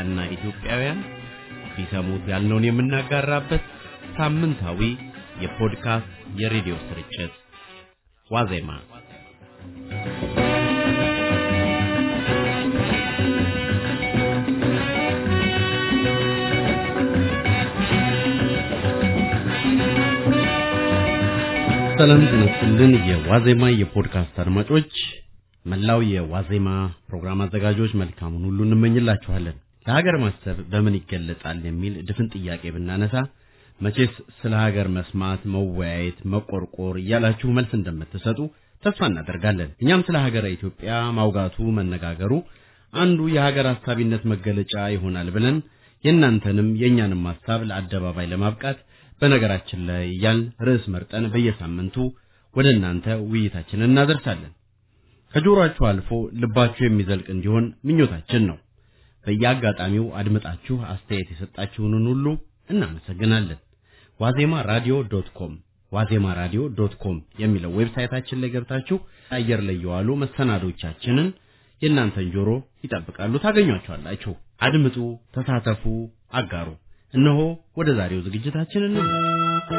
ኢትዮጵያና ኢትዮጵያውያን ቢሰሙት ያልነውን የምናጋራበት ሳምንታዊ የፖድካስት የሬዲዮ ስርጭት ዋዜማ ሰላም ጤናችሁልን። የዋዜማ የፖድካስት አድማጮች፣ መላው የዋዜማ ፕሮግራም አዘጋጆች መልካሙን ሁሉ እንመኝላችኋለን። ለሀገር ማሰብ በምን ይገለጻል የሚል ድፍን ጥያቄ ብናነሳ መቼስ ስለ ሀገር መስማት፣ መወያየት፣ መቆርቆር እያላችሁ መልስ እንደምትሰጡ ተስፋ እናደርጋለን። እኛም ስለ ሀገረ ኢትዮጵያ ማውጋቱ፣ መነጋገሩ አንዱ የሀገር አሳቢነት መገለጫ ይሆናል ብለን የእናንተንም የእኛንም ሀሳብ ለአደባባይ ለማብቃት በነገራችን ላይ እያልን ርዕስ መርጠን በየሳምንቱ ወደ እናንተ ውይይታችንን እናደርሳለን። ከጆሮአችሁ አልፎ ልባችሁ የሚዘልቅ እንዲሆን ምኞታችን ነው። በየአጋጣሚው አድምጣችሁ አስተያየት የሰጣችሁንን ሁሉ እናመሰግናለን። ዋዜማ ራዲዮ ዶት ኮም ዋዜማ ራዲዮ ዶት ኮም የሚለው ዌብሳይታችን ላይ ገብታችሁ አየር ላይ የዋሉ መሰናዶቻችንን የእናንተን ጆሮ ይጠብቃሉ፣ ታገኟቸዋላችሁ። አድምጡ፣ ተሳተፉ፣ አጋሩ። እነሆ ወደ ዛሬው ዝግጅታችን እንመለስ።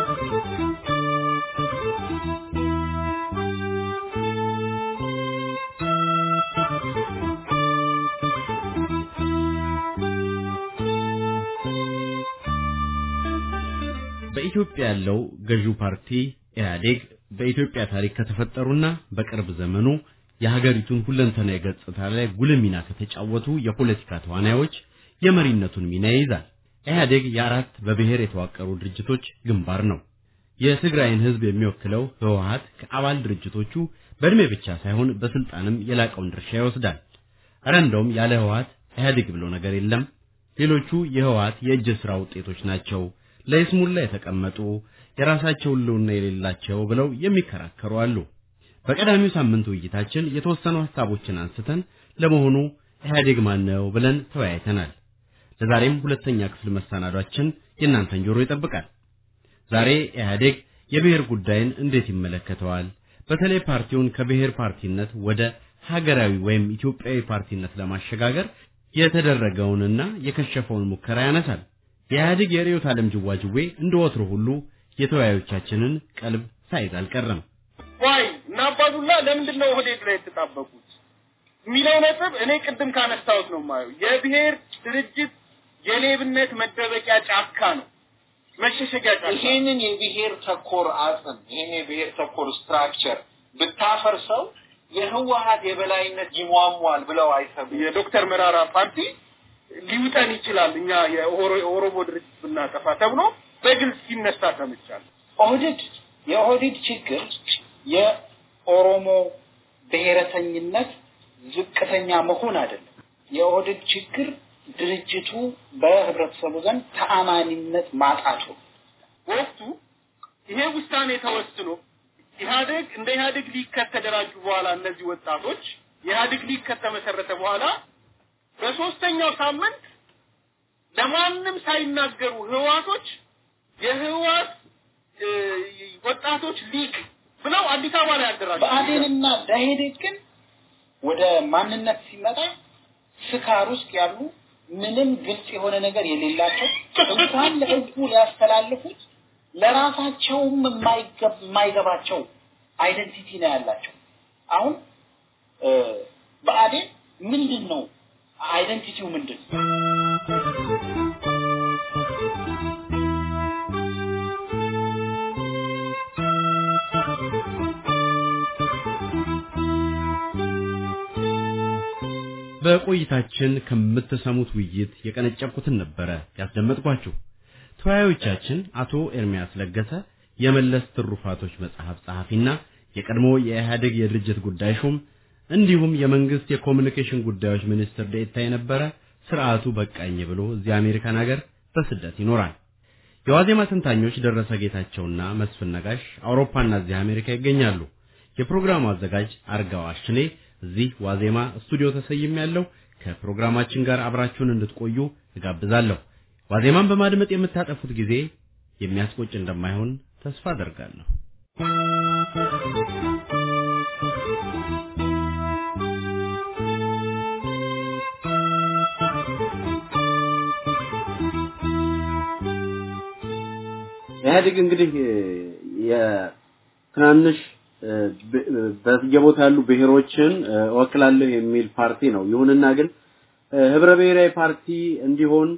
በኢትዮጵያ ያለው ገዢው ፓርቲ ኢህአዴግ በኢትዮጵያ ታሪክ ከተፈጠሩና በቅርብ ዘመኑ የሀገሪቱን ሁለንተና ገጽታ ላይ ጉልህ ሚና ከተጫወቱ የፖለቲካ ተዋናዮች የመሪነቱን ሚና ይይዛል። ኢህአዴግ የአራት በብሔር የተዋቀሩ ድርጅቶች ግንባር ነው። የትግራይን ህዝብ የሚወክለው ህወሀት ከአባል ድርጅቶቹ በእድሜ ብቻ ሳይሆን በስልጣንም የላቀውን ድርሻ ይወስዳል። እረ እንደውም ያለ ህወሀት ኢህአዴግ ብሎ ነገር የለም። ሌሎቹ የህወሀት የእጅ ስራ ውጤቶች ናቸው ለይስሙላ የተቀመጡ የራሳቸው ልውና የሌላቸው ብለው የሚከራከሩ አሉ። በቀዳሚው ሳምንት ውይይታችን የተወሰኑ ሐሳቦችን አንስተን ለመሆኑ ኢህአዴግ ማን ነው ብለን ተወያይተናል። ለዛሬም ሁለተኛ ክፍል መሰናዷችን የእናንተን ጆሮ ይጠብቃል። ዛሬ ኢህአዴግ የብሔር ጉዳይን እንዴት ይመለከተዋል? በተለይ ፓርቲውን ከብሔር ፓርቲነት ወደ ሀገራዊ ወይም ኢትዮጵያዊ ፓርቲነት ለማሸጋገር የተደረገውንና የከሸፈውን ሙከራ ያነሳል። የኢህአዴግ የርዕዮተ ዓለም ጅዋጅዌ እንደ ወትሮ ሁሉ የተወያዮቻችንን ቀልብ ሳይዝ አልቀረም። ዋይ እና አባዱላ ለምንድን ነው ኦህዴድ ላይ የተጣበቁት የሚለው ነጥብ እኔ ቅድም ካነሳሁት ነው የማየው። የብሔር ድርጅት የሌብነት መደበቂያ ጫካ ነው፣ መሸሸጊያ ጫካ። ይሄንን የብሔር ተኮር አጽም ይሄን የብሔር ተኮር ስትራክቸር ብታፈርሰው የህወሀት የበላይነት ይሟሟል ብለው አይሰቡ የዶክተር መራራ ፓርቲ ሊውጠን ይችላል እኛ የኦሮሞ ድርጅት ብናጠፋ ተብሎ በግልጽ ሲነሳ ሰምቻለሁ። ኦህዴድ የኦህዴድ ችግር የኦሮሞ ብሔረተኝነት ዝቅተኛ መሆን አይደለም። የኦህዴድ ችግር ድርጅቱ በህብረተሰቡ ዘንድ ተአማኒነት ማጣቱ ወቅቱ ይሄ ውሳኔ ተወስኖ ኢህአዴግ እንደ ኢህአዴግ ሊከተደራጁ ከተደራጁ በኋላ እነዚህ ወጣቶች የኢህአዴግ ሊግ ከተመሰረተ በኋላ በሶስተኛው ሳምንት ለማንም ሳይናገሩ ህዋቶች የህዋት ወጣቶች ሊግ ብለው አዲስ አበባ ላይ ያደራቸው በአዴንና ደኢህዴን ግን ወደ ማንነት ሲመጣ ስካር ውስጥ ያሉ ምንም ግልጽ የሆነ ነገር የሌላቸው እንኳን ለህዝቡ ሊያስተላልፉት ለራሳቸውም የማይገባቸው አይደንቲቲ ነው ያላቸው። አሁን በአዴን ምንድን ነው አይደንቲቲው ምንድን በቆይታችን ከምትሰሙት ውይይት የቀነጨብኩትን ነበረ ያስደመጥኳችሁ። ተወያዮቻችን አቶ ኤርሚያስ ለገሰ የመለስ ትሩፋቶች መጽሐፍ ጸሐፊና የቀድሞ የኢህአዴግ የድርጅት ጉዳይ ሹም እንዲሁም የመንግስት የኮሚኒኬሽን ጉዳዮች ሚኒስትር ዴታ የነበረ ስርዓቱ በቃኝ ብሎ እዚህ አሜሪካን ሀገር በስደት ይኖራል። የዋዜማ ተንታኞች ደረሰ ጌታቸውና መስፍን ነጋሽ አውሮፓና እዚህ አሜሪካ ይገኛሉ። የፕሮግራሙ አዘጋጅ አርጋው አሽኔ እዚህ ዋዜማ ስቱዲዮ ተሰይም ያለው ከፕሮግራማችን ጋር አብራችሁን እንድትቆዩ እጋብዛለሁ። ዋዜማን በማድመጥ የምታጠፉት ጊዜ የሚያስቆጭ እንደማይሆን ተስፋ አደርጋለሁ። ኢህአዴግ እንግዲህ የትናንሽ በየቦታ ያሉ ብሔሮችን እወክላለሁ የሚል ፓርቲ ነው። ይሁንና ግን ህብረ ብሔራዊ ፓርቲ እንዲሆን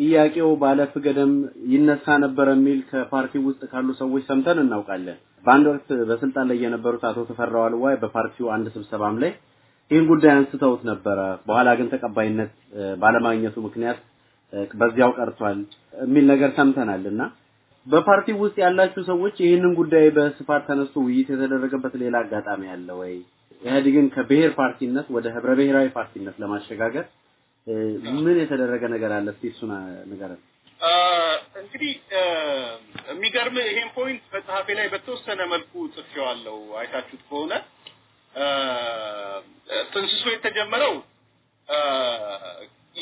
ጥያቄው ባለፍ ገደም ይነሳ ነበር የሚል ከፓርቲ ውስጥ ካሉ ሰዎች ሰምተን እናውቃለን። በአንድ ወቅት በስልጣን ላይ የነበሩት አቶ ተፈራ ዋልዋ በፓርቲው አንድ ስብሰባም ላይ ይህን ጉዳይ አንስተውት ነበረ። በኋላ ግን ተቀባይነት ባለማግኘቱ ምክንያት በዚያው ቀርቷል የሚል ነገር ሰምተናል እና በፓርቲ ውስጥ ያላችሁ ሰዎች ይህንን ጉዳይ በስፋት ተነስቶ ውይይት የተደረገበት ሌላ አጋጣሚ አለ ወይ? ኢህአዴግን ከብሔር ፓርቲነት ወደ ህብረ ብሔራዊ ፓርቲነት ለማሸጋገር ምን የተደረገ ነገር አለ? እስቲ እሱን ንገረን። እንግዲህ የሚገርም ይሄን ፖይንት በጸሐፌ ላይ በተወሰነ መልኩ ጽፌዋለሁ። አይታችሁት ከሆነ ጥንስሱ የተጀመረው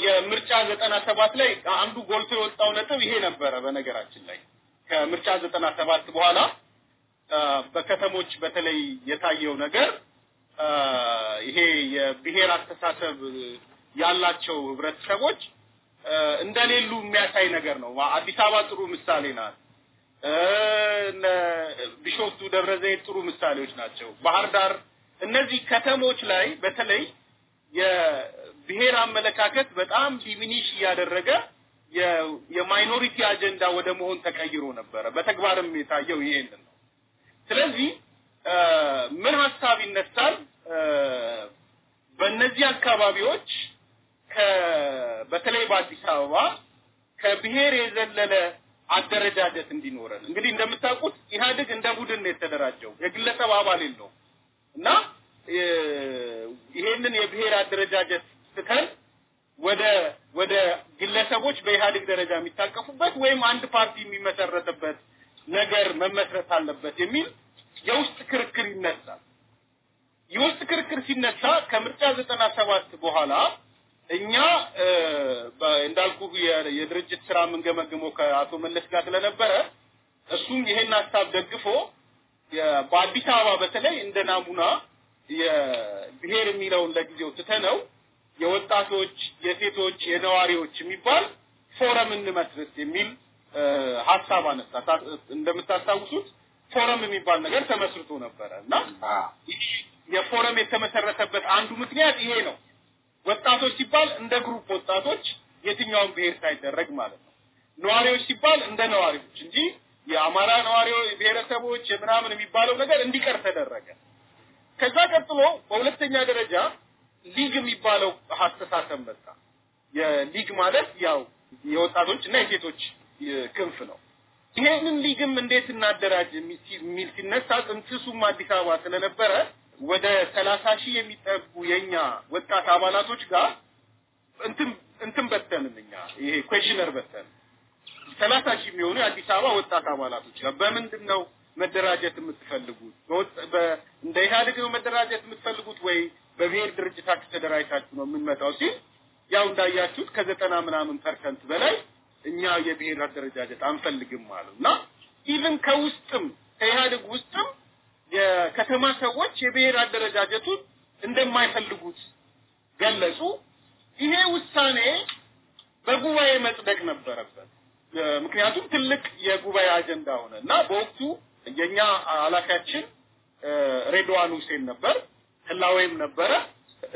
የምርጫ ዘጠና ሰባት ላይ አንዱ ጎልቶ የወጣው ነጥብ ይሄ ነበረ። በነገራችን ላይ ከምርጫ ዘጠና ሰባት በኋላ በከተሞች በተለይ የታየው ነገር ይሄ የብሔር አስተሳሰብ ያላቸው ህብረተሰቦች እንደሌሉ የሚያሳይ ነገር ነው። አዲስ አበባ ጥሩ ምሳሌ ናት። ቢሾፍቱ፣ ደብረ ዘይት ጥሩ ምሳሌዎች ናቸው። ባህር ዳር፣ እነዚህ ከተሞች ላይ በተለይ የብሔር አመለካከት በጣም ዲሚኒሽ እያደረገ የማይኖሪቲ አጀንዳ ወደ መሆን ተቀይሮ ነበረ። በተግባርም የታየው ይሄንን ነው። ስለዚህ ምን ሀሳብ ይነሳል? በእነዚህ አካባቢዎች በተለይ በአዲስ አበባ ከብሔር የዘለለ አደረጃጀት እንዲኖረን እንግዲህ እንደምታውቁት ኢህአዴግ እንደ ቡድን ነው የተደራጀው፣ የግለሰብ አባል የለውም እና ይሄንን የብሔር አደረጃጀት ስተን ወደ ወደ ግለሰቦች በኢህአዴግ ደረጃ የሚታቀፉበት ወይም አንድ ፓርቲ የሚመሰረትበት ነገር መመስረት አለበት የሚል የውስጥ ክርክር ይነሳል። የውስጥ ክርክር ሲነሳ ከምርጫ ዘጠና ሰባት በኋላ እኛ እንዳልኩ የድርጅት ስራ የምንገመግመው ከአቶ መለስ ጋር ስለነበረ እሱም ይሄን ሀሳብ ደግፎ በአዲስ አበባ በተለይ እንደ ናሙና የብሔር የሚለውን ለጊዜው ትተነው የወጣቶች፣ የሴቶች፣ የነዋሪዎች የሚባል ፎረም እንመስርት የሚል ሀሳብ አነሳ። እንደምታስታውሱት ፎረም የሚባል ነገር ተመስርቶ ነበረ እና የፎረም የተመሰረተበት አንዱ ምክንያት ይሄ ነው። ወጣቶች ሲባል እንደ ግሩፕ ወጣቶች የትኛውን ብሄር ሳይደረግ ማለት ነው። ነዋሪዎች ሲባል እንደ ነዋሪዎች እንጂ የአማራ ነዋሪዎች ብሔረሰቦች የምናምን የሚባለው ነገር እንዲቀር ተደረገ። ከዛ ቀጥሎ በሁለተኛ ደረጃ ሊግ የሚባለው አስተሳሰብ መጣ። የሊግ ማለት ያው የወጣቶች እና የሴቶች ክንፍ ነው። ይሄንን ሊግም እንዴት እናደራጅ የሚል ሲነሳ ጥንትሱም አዲስ አበባ ስለነበረ ወደ ሰላሳ ሺህ የሚጠጉ የኛ ወጣት አባላቶች ጋር እንትን እንትን በተንን እኛ ይሄ ኮሽነር በተን ሰላሳ ሺህ የሚሆኑ የአዲስ አበባ ወጣት አባላቶች ጋር በምንድን ነው መደራጀት የምትፈልጉት? እንደ ኢህአዴግ ነው መደራጀት የምትፈልጉት ወይ በብሔር ድርጅታችሁ ተደራጅታችሁ ነው የምንመጣው ሲል ያው እንዳያችሁት ከዘጠና ምናምን ፐርሰንት በላይ እኛ የብሔር አደረጃጀት አንፈልግም አሉ እና ኢቭን ከውስጥም ከኢህአዴግ ውስጥም የከተማ ሰዎች የብሔር አደረጃጀቱን እንደማይፈልጉት ገለጹ። ይሄ ውሳኔ በጉባኤ መጽደቅ ነበረበት። ምክንያቱም ትልቅ የጉባኤ አጀንዳ ሆነ እና በወቅቱ የኛ ኃላፊያችን ሬድዋን ሁሴን ነበር፣ ህላዌም ነበረ።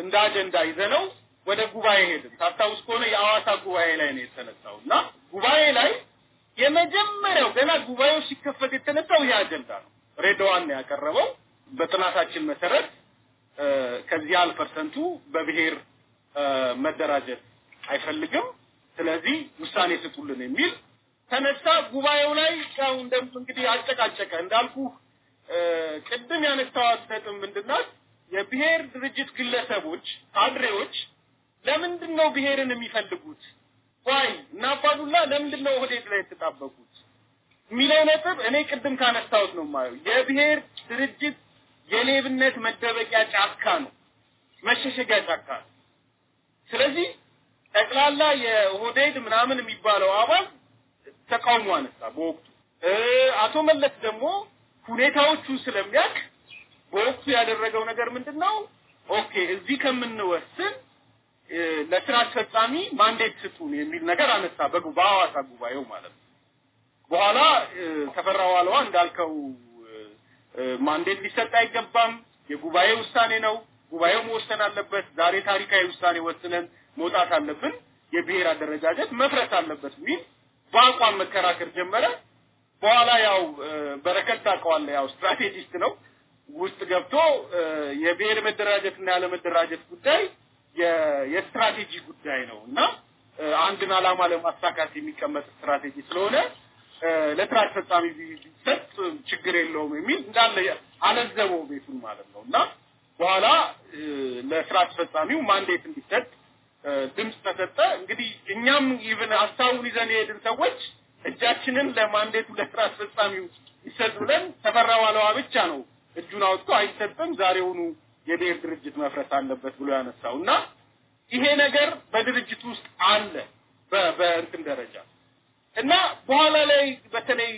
እንደ አጀንዳ ይዘነው ወደ ጉባኤ ሄድን። ታስታውስ ከሆነ የአዋሳ ጉባኤ ላይ ነው የተነሳው እና ጉባኤ ላይ የመጀመሪያው ገና ጉባኤው ሲከፈት የተነሳው ይህ አጀንዳ ነው። ሬድዋን ነው ያቀረበው። በጥናታችን መሰረት ከዚህ ያህል ፐርሰንቱ በብሔር መደራጀት አይፈልግም፣ ስለዚህ ውሳኔ ስጡልን የሚል ተነሳ። ጉባኤው ላይ ያው እንደም እንግዲህ አጨቃጨቀ። እንዳልኩ ቅድም ያነሳው ነጥብ ምንድናት? የብሔር ድርጅት ግለሰቦች አድሬዎች ለምንድን ነው ብሔርን የሚፈልጉት? ዋይ እና አባዱላ ለምንድን ነው ኦህዴድ ላይ የተጣበቁት የሚለው ነጥብ እኔ ቅድም ካነሳሁት ነው የማየው። የብሔር ድርጅት የሌብነት መደበቂያ ጫካ ነው፣ መሸሸጊያ ጫካ ነው። ስለዚህ ጠቅላላ የኦህዴድ ምናምን የሚባለው አባል ተቃውሞ አነሳ በወቅቱ። አቶ መለስ ደግሞ ሁኔታዎቹ ስለሚያውቅ በወቅቱ ያደረገው ነገር ምንድን ነው? ኦኬ እዚህ ከምንወስን ለስራ አስፈጻሚ ማንዴት ስጡን የሚል ነገር አነሳ በሐዋሳ ጉባኤው ማለት ነው። በኋላ ተፈራ ዋልዋ እንዳልከው ማንዴት ሊሰጥ አይገባም፣ የጉባኤ ውሳኔ ነው፣ ጉባኤው መወሰን አለበት፣ ዛሬ ታሪካዊ ውሳኔ ወስነን መውጣት አለብን፣ የብሔር አደረጃጀት መፍረስ አለበት የሚል በአቋም መከራከር ጀመረ። በኋላ ያው በረከት ታውቀዋለህ፣ ያው ስትራቴጂስት ነው። ውስጥ ገብቶ የብሔር መደራጀት እና ያለመደራጀት ጉዳይ የስትራቴጂ ጉዳይ ነው እና አንድን ዓላማ ለማሳካት የሚቀመጥ ስትራቴጂ ስለሆነ ለስራ አስፈጻሚ ቢሰጥ ችግር የለውም የሚል እንዳለ አለዘበው ቤቱን ማለት ነው እና በኋላ ለስራ አስፈጻሚው ማንዴት እንዲሰጥ ድምፅ ተሰጠ። እንግዲህ እኛም ይብን ሀሳቡን ይዘን የሄድን ሰዎች እጃችንን ለማንዴቱ ለስራ አስፈጻሚው ይሰጥ ብለን ተፈራ ዋለዋ ብቻ ነው እጁን አውጥቶ አይሰጥም፣ ዛሬውኑ የብሔር ድርጅት መፍረስ አለበት ብሎ ያነሳው እና ይሄ ነገር በድርጅት ውስጥ አለ በእንትን ደረጃ እና በኋላ ላይ በተለይ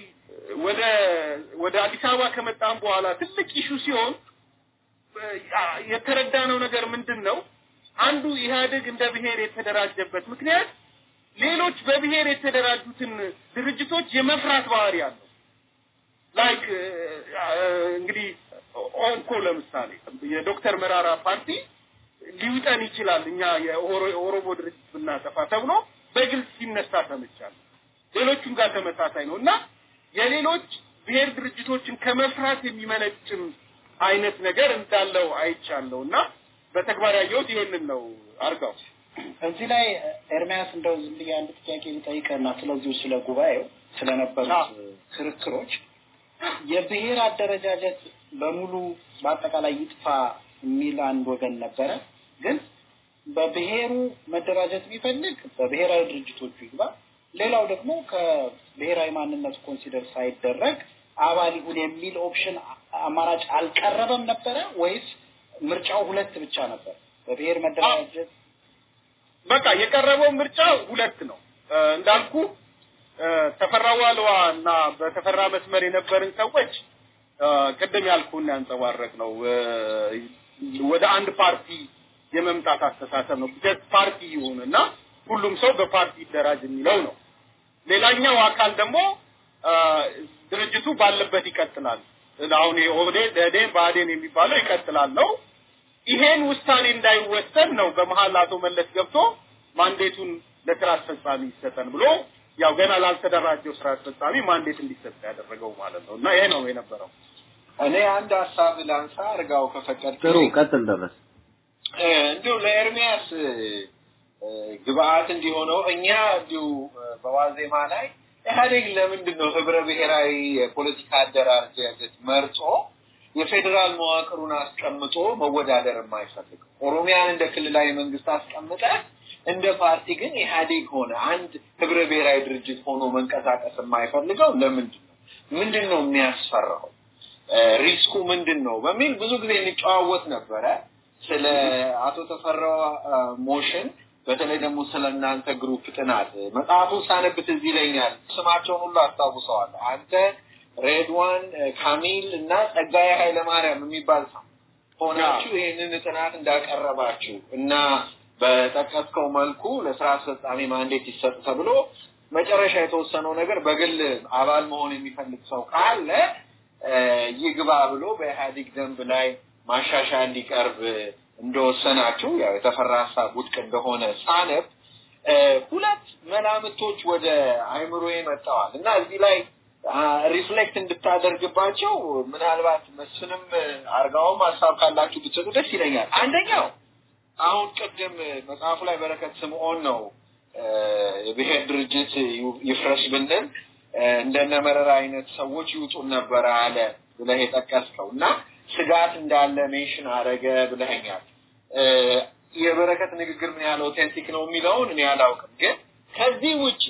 ወደ ወደ አዲስ አበባ ከመጣም በኋላ ትልቅ ኢሹ ሲሆን የተረዳነው ነገር ምንድን ነው? አንዱ ኢህአዴግ እንደ ብሔር የተደራጀበት ምክንያት ሌሎች በብሔር የተደራጁትን ድርጅቶች የመፍራት ባህሪ አለው። ላይክ uh, uh, እንግዲህ ኦንኮ ለምሳሌ የዶክተር መራራ ፓርቲ ሊውጠን ይችላል እኛ የኦሮሞ ድርጅት ብናጠፋ ተብሎ በግልጽ ሲነሳ ሰምቻለሁ። ሌሎቹም ጋር ተመሳሳይ ነው እና የሌሎች ብሔር ድርጅቶችን ከመፍራት የሚመነጭም አይነት ነገር እንዳለው አይቻለሁ እና በተግባር ያየሁት ይሄንን ነው። አርጋው እዚህ ላይ ኤርሚያስ እንደው ዝም ብዬ አንድ ጥያቄ ልጠይቅህና ስለዚሁ ስለ ጉባኤው ስለነበሩት ክርክሮች የብሔር አደረጃጀት በሙሉ በአጠቃላይ ይጥፋ የሚል አንድ ወገን ነበረ። ግን በብሔሩ መደራጀት ቢፈልግ በብሔራዊ ድርጅቶቹ ይግባ፣ ሌላው ደግሞ ከብሔራዊ ማንነት ኮንሲደር ሳይደረግ አባል ይሁን የሚል ኦፕሽን አማራጭ አልቀረበም ነበረ ወይስ ምርጫው ሁለት ብቻ ነበር በብሔር መደራጀት በቃ የቀረበው ምርጫ ሁለት ነው እንዳልኩ ተፈራ ዋልዋ እና በተፈራ መስመር የነበርን ሰዎች ቅድም ያልኩን ያንጸባረቅ ነው ወደ አንድ ፓርቲ የመምጣት አስተሳሰብ ነው ጀስት ፓርቲ ይሁን እና ሁሉም ሰው በፓርቲ ይደራጅ የሚለው ነው ሌላኛው አካል ደግሞ ድርጅቱ ባለበት ይቀጥላል አሁን ኦህዴድ ደህዴን ባዴን የሚባለው ይቀጥላል ነው ይሄን ውሳኔ እንዳይወሰን ነው በመሀል አቶ መለስ ገብቶ ማንዴቱን ለስራ አስፈጻሚ ይሰጠን ብሎ ያው ገና ላልተደራጀው ስራ አስፈጻሚ ማንዴት እንዲሰጥ ያደረገው ማለት ነው። እና ይሄ ነው የነበረው። እኔ አንድ ሀሳብ ላንሳ አርጋው ከፈቀድ ጥሩ ቀጥል ደረስ እንዲሁ ለኤርሚያስ ግብአት እንዲሆነው እኛ እንዲሁ በዋዜማ ላይ ኢህአዴግ ለምንድን ነው ህብረ ብሔራዊ የፖለቲካ አደራጀት መርጦ የፌዴራል መዋቅሩን አስቀምጦ መወዳደር የማይፈልግ ኦሮሚያን እንደ ክልላዊ መንግስት አስቀምጠ እንደ ፓርቲ ግን ኢህአዴግ ሆነ አንድ ህብረ ብሔራዊ ድርጅት ሆኖ መንቀሳቀስ የማይፈልገው ለምንድን ነው? ምንድን ነው የሚያስፈራው? ሪስኩ ምንድን ነው በሚል ብዙ ጊዜ እንጨዋወት ነበረ። ስለ አቶ ተፈራ ሞሽን በተለይ ደግሞ ስለ እናንተ ግሩፕ ጥናት መጽሐፉ ሳነብት እዚህ ይለኛል። ስማቸውን ሁሉ አስታውሰዋል። አንተ ሬድዋን ካሚል እና ጸጋዬ ኃይለማርያም የሚባል ሰው ሆናችሁ ይህንን ጥናት እንዳቀረባችሁ እና በጠቀስከው መልኩ ለስራ አስፈጻሚ ማንዴት ይሰጥ ተብሎ መጨረሻ የተወሰነው ነገር በግል አባል መሆን የሚፈልግ ሰው ካለ ይግባ ብሎ በኢህአዴግ ደንብ ላይ ማሻሻያ እንዲቀርብ እንደወሰናችሁ ያው የተፈራ ሀሳብ ውድቅ እንደሆነ ሳነብ ሁለት መላምቶች ወደ አይምሮዬ መጥተዋል እና እዚህ ላይ ሪፍሌክት እንድታደርግባቸው ምናልባት መስንም አርጋውም ሀሳብ ካላችሁ ብትሰጡ ደስ ይለኛል። አንደኛው አሁን ቅድም መጽሐፉ ላይ በረከት ስምኦን ነው የብሔር ድርጅት ይፍረስ ብንል እንደነ መረራ አይነት ሰዎች ይውጡን ነበረ አለ ብለህ የጠቀስከው እና ስጋት እንዳለ ሜንሽን አረገ ብለኛል። የበረከት ንግግር ምን ያህል ኦቴንቲክ ነው የሚለውን እኔ አላውቅም፣ ግን ከዚህ ውጪ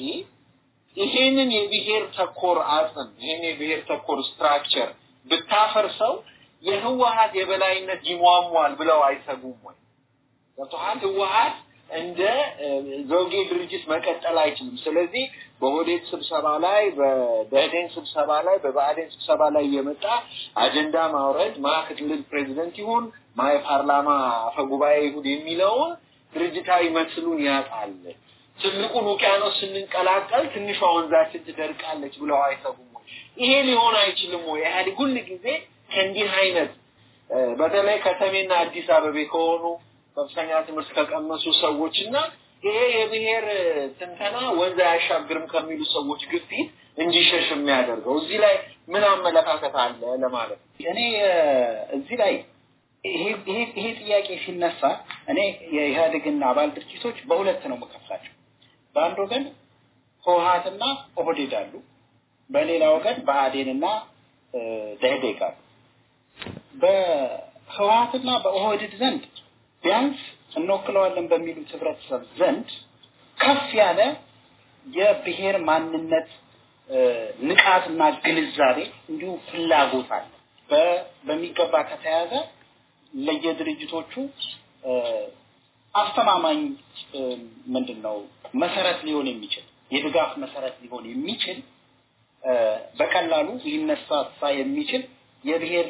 ይሄንን የብሔር ተኮር አጽም ይሄን የብሔር ተኮር ስትራክቸር ብታፈርሰው የህወሀት የበላይነት ይሟሟል ብለው አይሰጉም ወይ? ገብቶሃል? ህወሀት እንደ ዘውጌ ድርጅት መቀጠል አይችልም። ስለዚህ በሆዴት ስብሰባ ላይ፣ በደህዴን ስብሰባ ላይ፣ በብአዴን ስብሰባ ላይ የመጣ አጀንዳ ማውረድ ማ ክልል ፕሬዚደንት ይሁን ማ የፓርላማ አፈጉባኤ ይሁን የሚለውን ድርጅታዊ መስሉን ያጣለች ትልቁን ውቅያኖስ ስንንቀላቀል ትንሿ ወንዛችን ትደርቃለች ብለው አይሰጉም ወይ? ይሄ ሊሆን አይችልም ወይ? ያህል ሁል ጊዜ ከእንዲህ አይነት በተለይ ከተሜና አዲስ አበቤ ከሆኑ ከፍተኛ ትምህርት ከቀመሱ ሰዎች እና ይሄ የብሔር ትንተና ወንዝ አያሻግርም ከሚሉ ሰዎች ግፊት እንዲሸሽ የሚያደርገው እዚህ ላይ ምን አመለካከት አለ ለማለት ነው። እኔ እዚህ ላይ ይሄ ጥያቄ ሲነሳ እኔ የኢህአዴግና አባል ድርጅቶች በሁለት ነው መከፍላቸው በአንድ ወገን ህወሀትና ኦህዴድ አሉ፣ በሌላ ወገን ብአዴንና ደኢህዴን አሉ። በህወሀትና በኦህዴድ ዘንድ ቢያንስ እንወክለዋለን በሚሉት ህብረተሰብ ዘንድ ከፍ ያለ የብሔር ማንነት ንቃትና ግንዛቤ እንዲሁም ፍላጎት አለ። በሚገባ ከተያዘ ለየድርጅቶቹ አስተማማኝ ምንድን ነው መሰረት ሊሆን የሚችል የድጋፍ መሰረት ሊሆን የሚችል በቀላሉ ሊነሳሳ የሚችል የብሔር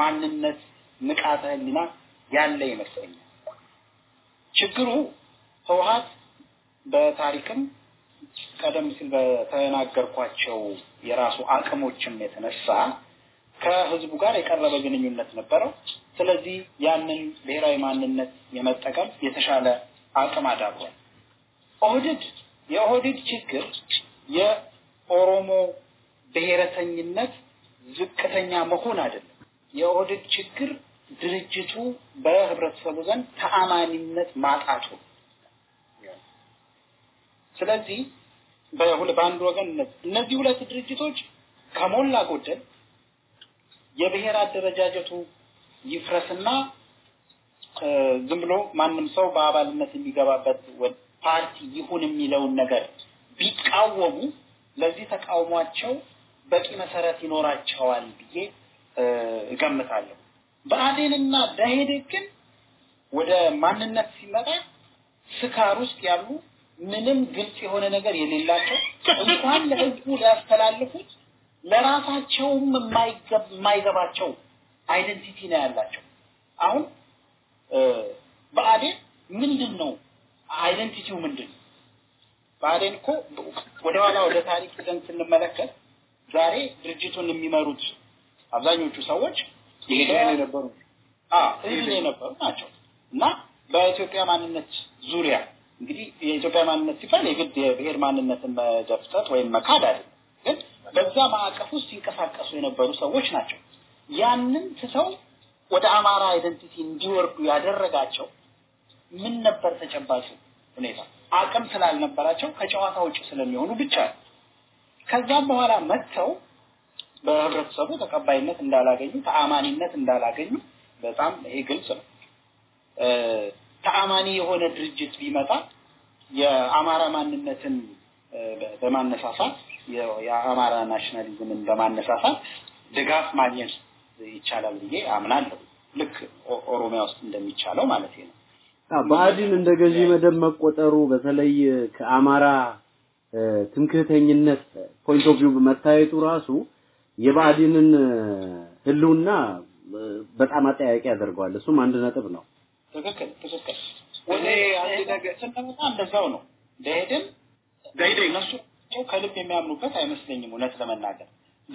ማንነት ንቃተ ህሊና ያለ ይመስለኛል። ችግሩ ህወሀት በታሪክም ቀደም ሲል በተናገርኳቸው የራሱ አቅሞችም የተነሳ ከህዝቡ ጋር የቀረበ ግንኙነት ነበረው። ስለዚህ ያንን ብሔራዊ ማንነት የመጠቀም የተሻለ አቅም አዳብሯል። ኦህዴድ የኦህዴድ ችግር የኦሮሞ ብሔረተኝነት ዝቅተኛ መሆን አይደለም። የኦህዴድ ችግር ድርጅቱ በህብረተሰቡ ዘንድ ተአማኒነት ማጣቱ። ስለዚህ በአንድ ወገን እነዚህ ሁለት ድርጅቶች ከሞላ ጎደል የብሔር አደረጃጀቱ ይፍረስና ዝም ብሎ ማንም ሰው በአባልነት የሚገባበት ፓርቲ ይሁን የሚለውን ነገር ቢቃወሙ ለዚህ ተቃውሟቸው በቂ መሰረት ይኖራቸዋል ብዬ እገምታለሁ። እና ደኢህዴን ግን ወደ ማንነት ሲመጣ ስካር ውስጥ ያሉ ምንም ግልጽ የሆነ ነገር የሌላቸው እንኳን ለህዝቡ ሊያስተላልፉት ለራሳቸውም የማይገባቸው አይደንቲቲ ነው ያላቸው። አሁን ብአዴን ምንድን ነው አይደንቲቲው ምንድን ነው? ባህሬን እኮ ወደኋላ ወደ ታሪክ ዘንድ ስንመለከት ዛሬ ድርጅቱን የሚመሩት አብዛኞቹ ሰዎች ኢሊያን የነበሩ ኢሊል የነበሩ ናቸው እና በኢትዮጵያ ማንነት ዙሪያ እንግዲህ የኢትዮጵያ ማንነት ሲባል የግድ የብሔር ማንነትን መደፍጠት ወይም መካድ አይደለም፣ ግን በዛ ማዕቀፍ ውስጥ ሲንቀሳቀሱ የነበሩ ሰዎች ናቸው። ያንን ትተው ወደ አማራ አይደንቲቲ እንዲወርዱ ያደረጋቸው ምን ነበር ተጨባጭ ሁኔታ? አቅም ስላልነበራቸው ከጨዋታ ውጭ ስለሚሆኑ ብቻ ነው። ከዛም በኋላ መጥተው በህብረተሰቡ ተቀባይነት እንዳላገኙ፣ ተአማኒነት እንዳላገኙ በጣም ይሄ ግልጽ ነው። ተአማኒ የሆነ ድርጅት ቢመጣ የአማራ ማንነትን በማነሳሳት የአማራ ናሽናሊዝምን በማነሳሳት ድጋፍ ማግኘት ይቻላል ብዬ አምናለሁ። ልክ ኦሮሚያ ውስጥ እንደሚቻለው ማለት ነው። ብአዴን እንደ ገዢ መደብ መቆጠሩ በተለይ ከአማራ ትምክህተኝነት ፖይንት ኦፍ ቪው መታየቱ ራሱ የብአዴንን ህልውና በጣም አጠያቂ ያደርገዋል። እሱም አንድ ነጥብ ነው። ትክክል እንደዛው ነው። ደሄድን ደሄድን እነሱ ከልብ የሚያምኑበት አይመስለኝም እውነት ለመናገር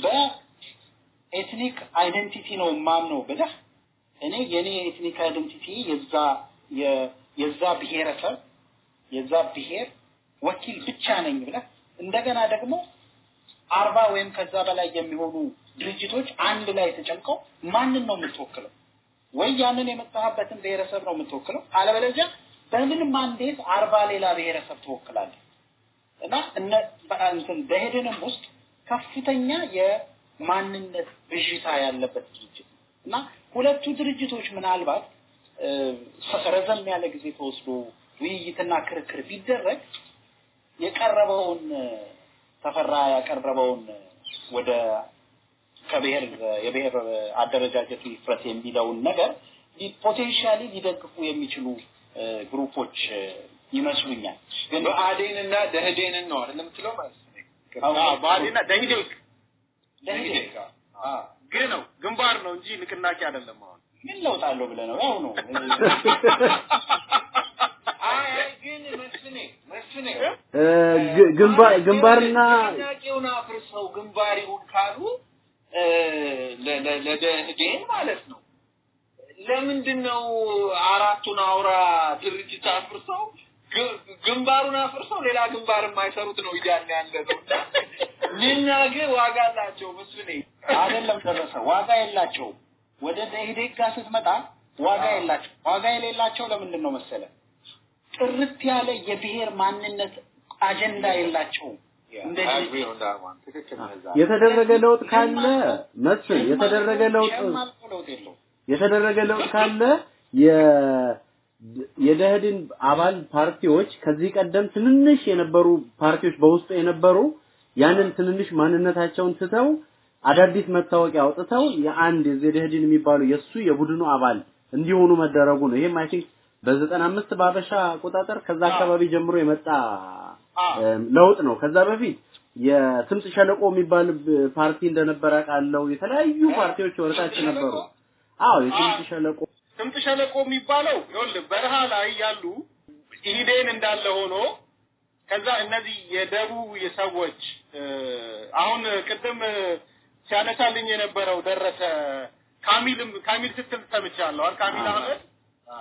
በኤትኒክ አይደንቲቲ ነው ማምነው ብለህ እኔ የኔ ኤትኒክ አይደንቲቲ የዛ የዛ ብሔረሰብ የዛ ብሔር ወኪል ብቻ ነኝ ብለህ እንደገና ደግሞ አርባ ወይም ከዛ በላይ የሚሆኑ ድርጅቶች አንድ ላይ ተጨምቀው ማንን ነው የምትወክለው? ወይ ያንን የመጣህበትን ብሔረሰብ ነው የምትወክለው፣ አለበለዚያ በምን ማንዴት አርባ ሌላ ብሔረሰብ ትወክላለህ? እና እንትን በሄድንም ውስጥ ከፍተኛ የማንነት ብዥታ ያለበት ድርጅት እና ሁለቱ ድርጅቶች ምናልባት ረዘም ያለ ጊዜ ተወስዶ ውይይትና ክርክር ቢደረግ የቀረበውን ተፈራ ያቀረበውን ወደ ከብሔር የብሔር አደረጃጀት ይፍረስ የሚለውን ነገር ፖቴንሻሊ ሊደግፉ የሚችሉ ግሩፖች ይመስሉኛል። ግን ብአዴንና ደህዴንን ነው አይደል የምትለው ማለት ነው። ደህዴ ደህዴን ግን ነው ግንባር ነው እንጂ ንቅናቄ አይደለም። አሁን ምን ለውጥ አለው ብለህ ነው ያው ነው። ግንባር ግንባርና ጥያቄውን አፍርሰው ግንባር ይሁን ካሉ ለደህዴን ማለት ነው። ለምንድን ነው አራቱን አውራ ድርጅት አፍርሰው ግንባሩን አፍርሰው ሌላ ግንባር የማይሰሩት ነው እያለ ያለ ነው። ሊናገ ዋጋ አላቸው መስፍኔ አይደለም ደረሰ ዋጋ የላቸውም። ወደ ዘኢህዴግ ጋር ስትመጣ ዋጋ የላቸው ዋጋ የሌላቸው ለምንድን ነው መሰለ ጥርት ያለ የብሔር ማንነት አጀንዳ የላቸውም። የተደረገ ለውጥ ካለ መስል የተደረገ ለውጥ የተደረገ ለውጥ ካለ የደህድን አባል ፓርቲዎች ከዚህ ቀደም ትንንሽ የነበሩ ፓርቲዎች በውስጡ የነበሩ ያንን ትንንሽ ማንነታቸውን ትተው አዳዲስ መታወቂያ አውጥተው የአንድ ዘደህድን የሚባሉ የሱ የቡድኑ አባል እንዲሆኑ መደረጉ ነው። ይሄ ማይ ቲንክ በ95 ባበሻ አቆጣጠር ከዛ አካባቢ ጀምሮ የመጣ ለውጥ ነው። ከዛ በፊት የስምጥ ሸለቆ የሚባል ፓርቲ እንደነበረ ቃለው የተለያዩ ፓርቲዎች ወረታች ነበሩ። አዎ የስምጥ ሸለቆ ስምጥ ሸለቆ የሚባለው ይወል በረሃ ላይ ያሉ ኢህዴን እንዳለ ሆኖ ከዛ እነዚህ የደቡብ የሰዎች አሁን ቅድም ሲያነሳልኝ የነበረው ደረሰ ካሚልም ካሚል ስትል ሰምቻለሁ። ካሚል አህመድ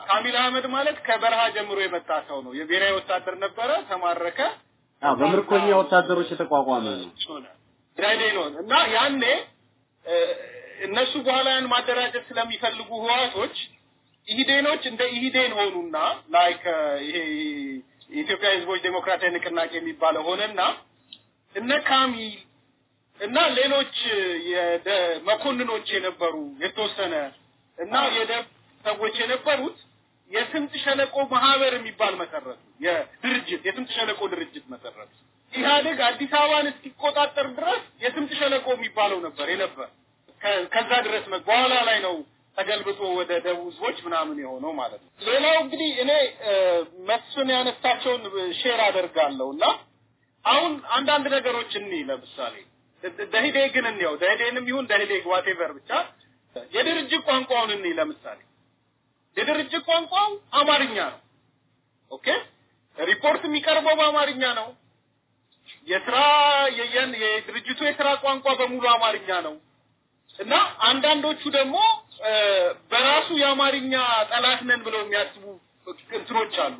ካሚል አህመድ ማለት ከበረሃ ጀምሮ የመጣ ሰው ነው። የብሔራዊ ወታደር ነበረ፣ ተማረከ። በምርኮኛ ወታደሮች የተቋቋመ ነው። ራይዴ ነው እና ያኔ እነሱ በኋላ ያን ማደራጀት ስለሚፈልጉ ህዋቶች ኢሂዴኖች እንደ ኢሂዴን ሆኑና ላይክ ይሄ የኢትዮጵያ ህዝቦች ዴሞክራሲያዊ ንቅናቄ የሚባለው ሆነና እነ ካሚል እና ሌሎች መኮንኖች የነበሩ የተወሰነ እና የደብ ሰዎች የነበሩት የስምጥ ሸለቆ ማህበር የሚባል መሰረቱ። የድርጅት የስምጥ ሸለቆ ድርጅት መሰረቱ። ኢህአዴግ አዲስ አበባን እስኪቆጣጠር ድረስ የስምጥ ሸለቆ የሚባለው ነበር የነበር ከዛ ድረስ በኋላ ላይ ነው ተገልብጦ ወደ ደቡብ ህዝቦች ምናምን የሆነው ማለት ነው። ሌላው እንግዲህ እኔ መስፍን ያነሳቸውን ሼር አደርጋለሁ እና አሁን አንዳንድ ነገሮች እኒ ለምሳሌ ግን እንየው። ደህዴንም ይሁን ደህዴግ ዋቴቨር ብቻ የድርጅት ቋንቋውን እንይ። ለምሳሌ የድርጅት ቋንቋው አማርኛ ነው። ኦኬ ሪፖርት የሚቀርበው በአማርኛ ነው። የስራ የድርጅቱ የስራ ቋንቋ በሙሉ አማርኛ ነው እና አንዳንዶቹ ደግሞ በራሱ የአማርኛ ጠላት ነን ብለው የሚያስቡ እንትኖች አሉ፣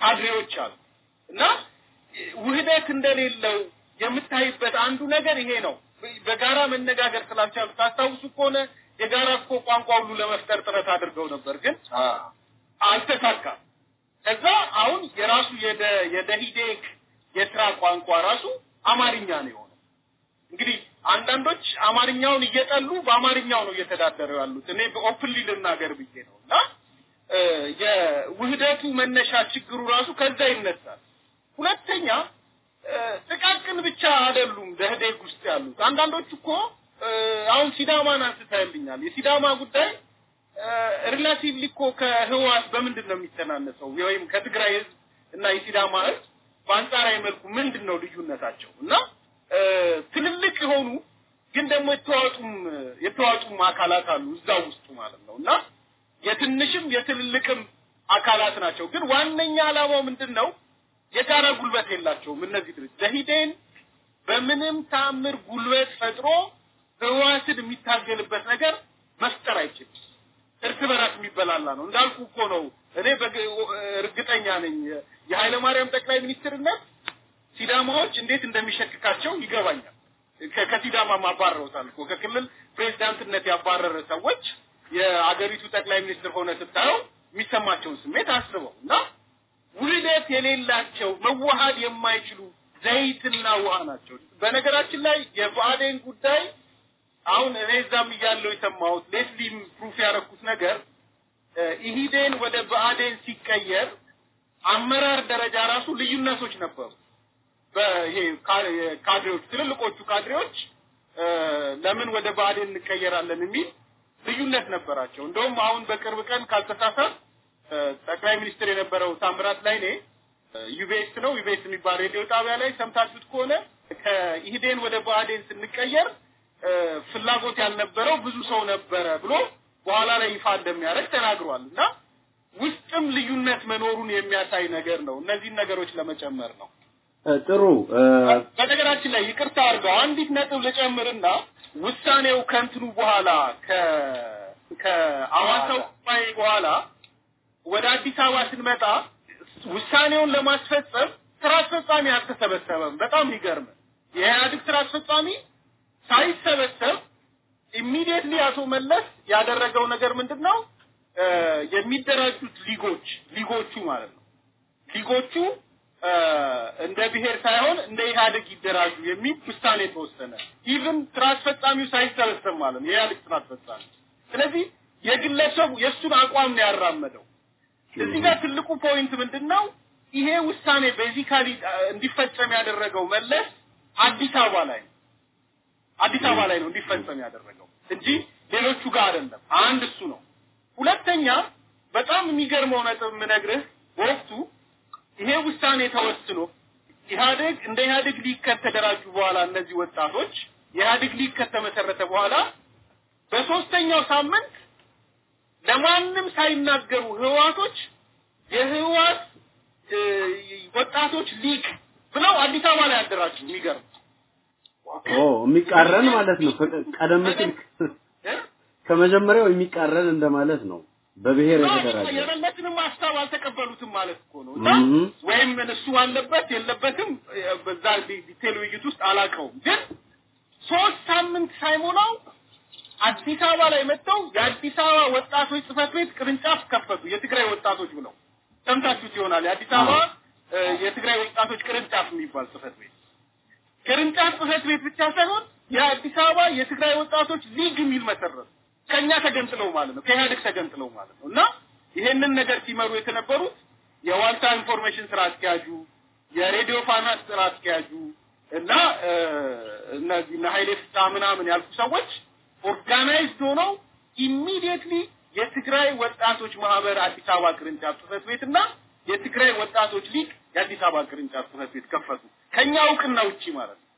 ካድሬዎች አሉ እና ውህደት እንደሌለው የምታይበት አንዱ ነገር ይሄ ነው። በጋራ መነጋገር ስላልቻሉ ታስታውሱ ከሆነ የጋራ እኮ ቋንቋ ሁሉ ለመፍጠር ጥረት አድርገው ነበር፣ ግን አልተሳካም። ከዛ አሁን የራሱ የደሂዴክ የስራ ቋንቋ ራሱ አማርኛ ነው የሆነው። እንግዲህ አንዳንዶች አማርኛውን እየጠሉ በአማርኛው ነው እየተዳደረው ያሉት። እኔ በኦፕንሊ ልናገር ብዬ ነው እና የውህደቱ መነሻ ችግሩ ራሱ ከዛ ይነሳል። ሁለተኛ ጥቃቅን ብቻ አይደሉም በህዴግ ውስጥ ያሉት። አንዳንዶች እኮ አሁን ሲዳማን አንስተህልኛል። የሲዳማ ጉዳይ ሪላቲቭሊ እኮ ከህወሓት በምንድን ነው የሚተናነሰው? ወይም ከትግራይ ህዝብ እና የሲዳማ ህዝብ በአንጻራዊ መልኩ ምንድን ነው ልዩነታቸው? እና ትልልቅ የሆኑ ግን ደግሞ የተዋጡም የተዋጡም አካላት አሉ እዛ ውስጡ ማለት ነው እና የትንሽም የትልልቅም አካላት ናቸው። ግን ዋነኛ ዓላማው ምንድን ነው? የጋራ ጉልበት የላቸውም። እነዚህ ድርጅት ዘሂዴን በምንም ታምር ጉልበት ፈጥሮ ህዋስን የሚታገልበት ነገር መፍጠር አይችልም። እርስ በራስ የሚበላላ ነው። እንዳልኩ እኮ ነው። እኔ እርግጠኛ ነኝ የኃይለ ማርያም ጠቅላይ ሚኒስትርነት ሲዳማዎች እንዴት እንደሚሸክካቸው ይገባኛል። ከሲዳማ አባረውታል እኮ ከክልል ፕሬዚዳንትነት ያባረረ ሰዎች የአገሪቱ ጠቅላይ ሚኒስትር ሆነ ስታየው የሚሰማቸውን ስሜት አስበው እና ውህደት የሌላቸው መዋሃድ የማይችሉ ዘይትና ውሃ ናቸው። በነገራችን ላይ የባዴን ጉዳይ አሁን እኔ እዛም እያለው የሰማሁት ሌትሊም ፕሩፍ ያደረኩት ነገር ኢሂዴን ወደ ባዴን ሲቀየር አመራር ደረጃ ራሱ ልዩነቶች ነበሩ። በይሄ ካድሬዎች ትልልቆቹ ካድሬዎች ለምን ወደ ባዴን እንቀየራለን የሚል ልዩነት ነበራቸው። እንደውም አሁን በቅርብ ቀን ካልተሳሳት ጠቅላይ ሚኒስትር የነበረው ታምራት ላይኔ ዩቤስ ነው ዩቤስ የሚባል ሬዲዮ ጣቢያ ላይ ሰምታችሁት ከሆነ ከኢህዴን ወደ ብአዴን ስንቀየር ፍላጎት ያልነበረው ብዙ ሰው ነበረ ብሎ በኋላ ላይ ይፋ እንደሚያደርግ ተናግሯል እና ውስጥም ልዩነት መኖሩን የሚያሳይ ነገር ነው። እነዚህን ነገሮች ለመጨመር ነው። ጥሩ። በነገራችን ላይ ይቅርታ አድርገው አንዲት ነጥብ ልጨምርና ውሳኔው ከእንትኑ በኋላ ከአዋሳው ጉባኤ በኋላ ወደ አዲስ አበባ ስንመጣ ውሳኔውን ለማስፈጸም ስራ አስፈጻሚ አልተሰበሰበም። በጣም ይገርም። የኢህአዴግ ስራ አስፈጻሚ ሳይሰበሰብ ኢሚዲየትሊ አቶ መለስ ያደረገው ነገር ምንድን ነው? የሚደራጁት ሊጎች ሊጎቹ ማለት ነው ሊጎቹ እንደ ብሔር ሳይሆን እንደ ኢህአዴግ ይደራጁ የሚል ውሳኔ ተወሰነ። ኢቭን ስራ አስፈጻሚው ሳይሰበሰብ ማለት ነው የኢህአዴግ ስራ አስፈጻሚ። ስለዚህ የግለሰቡ የእሱን አቋም ነው ያራመደው። እዚህ ጋር ትልቁ ፖይንት ምንድነው? ይሄ ውሳኔ ቤዚካሊ እንዲፈጸም ያደረገው መለስ አዲስ አበባ ላይ ነው። አዲስ አበባ ላይ ነው እንዲፈጸም ያደረገው እንጂ ሌሎቹ ጋር አይደለም። አንድ እሱ ነው። ሁለተኛ በጣም የሚገርመው ነጥብ የምነግርህ በወቅቱ ይሄ ውሳኔ ተወስኖ ኢህአዴግ እንደ ኢህአዴግ ሊግ ከተደራጁ በኋላ እነዚህ ወጣቶች የኢህአዴግ ሊግ ከተመሰረተ በኋላ በሶስተኛው ሳምንት ለማንም ሳይናገሩ ህዋቶች የህዋት ወጣቶች ሊግ ብለው አዲስ አበባ ላይ አደራጁ። የሚገርም የሚቃረን ማለት ነው። ቀደም ሲል ከመጀመሪያው የሚቃረን እንደማለት ነው። በብሔር የተደራጀ የመለስንም ሀሳብ አልተቀበሉትም ማለት እኮ ነው። እና ወይም እሱ አለበት የለበትም በዛ ዲቴል ውይይት ውስጥ አላውቀውም። ግን ሶስት ሳምንት ሳይሞላው አዲስ አበባ ላይ መጥተው የአዲስ አበባ ወጣቶች ጽፈት ቤት ቅርንጫፍ ከፈቱ። የትግራይ ወጣቶች ብለው ሰምታችሁት ይሆናል። የአዲስ አበባ የትግራይ ወጣቶች ቅርንጫፍ የሚባል ጽፈት ቤት ቅርንጫፍ ጽፈት ቤት ብቻ ሳይሆን የአዲስ አበባ የትግራይ ወጣቶች ሊግ የሚል መሰረቱ። ከኛ ተገንጥለው ማለት ነው፣ ከኢህአዴግ ተገንጥለው ማለት ነው። እና ይሄንን ነገር ሲመሩ የተነበሩት የዋልታ ኢንፎርሜሽን ስራ አስኪያጁ፣ የሬዲዮ ፋና ስራ አስኪያጁ እና እነዚህ ኃይሌ ፍታ ምናምን ያልኩ ሰዎች ኦርጋናይዝድ ሆነው ኢሚዲየትሊ የትግራይ ወጣቶች ማህበር አዲስ አበባ ቅርንጫፍ ጽህፈት ቤትና የትግራይ ወጣቶች ሊግ የአዲስ አበባ ቅርንጫፍ ጽህፈት ቤት ከፈቱ። ከኛ እውቅና ውጪ ማለት ነው።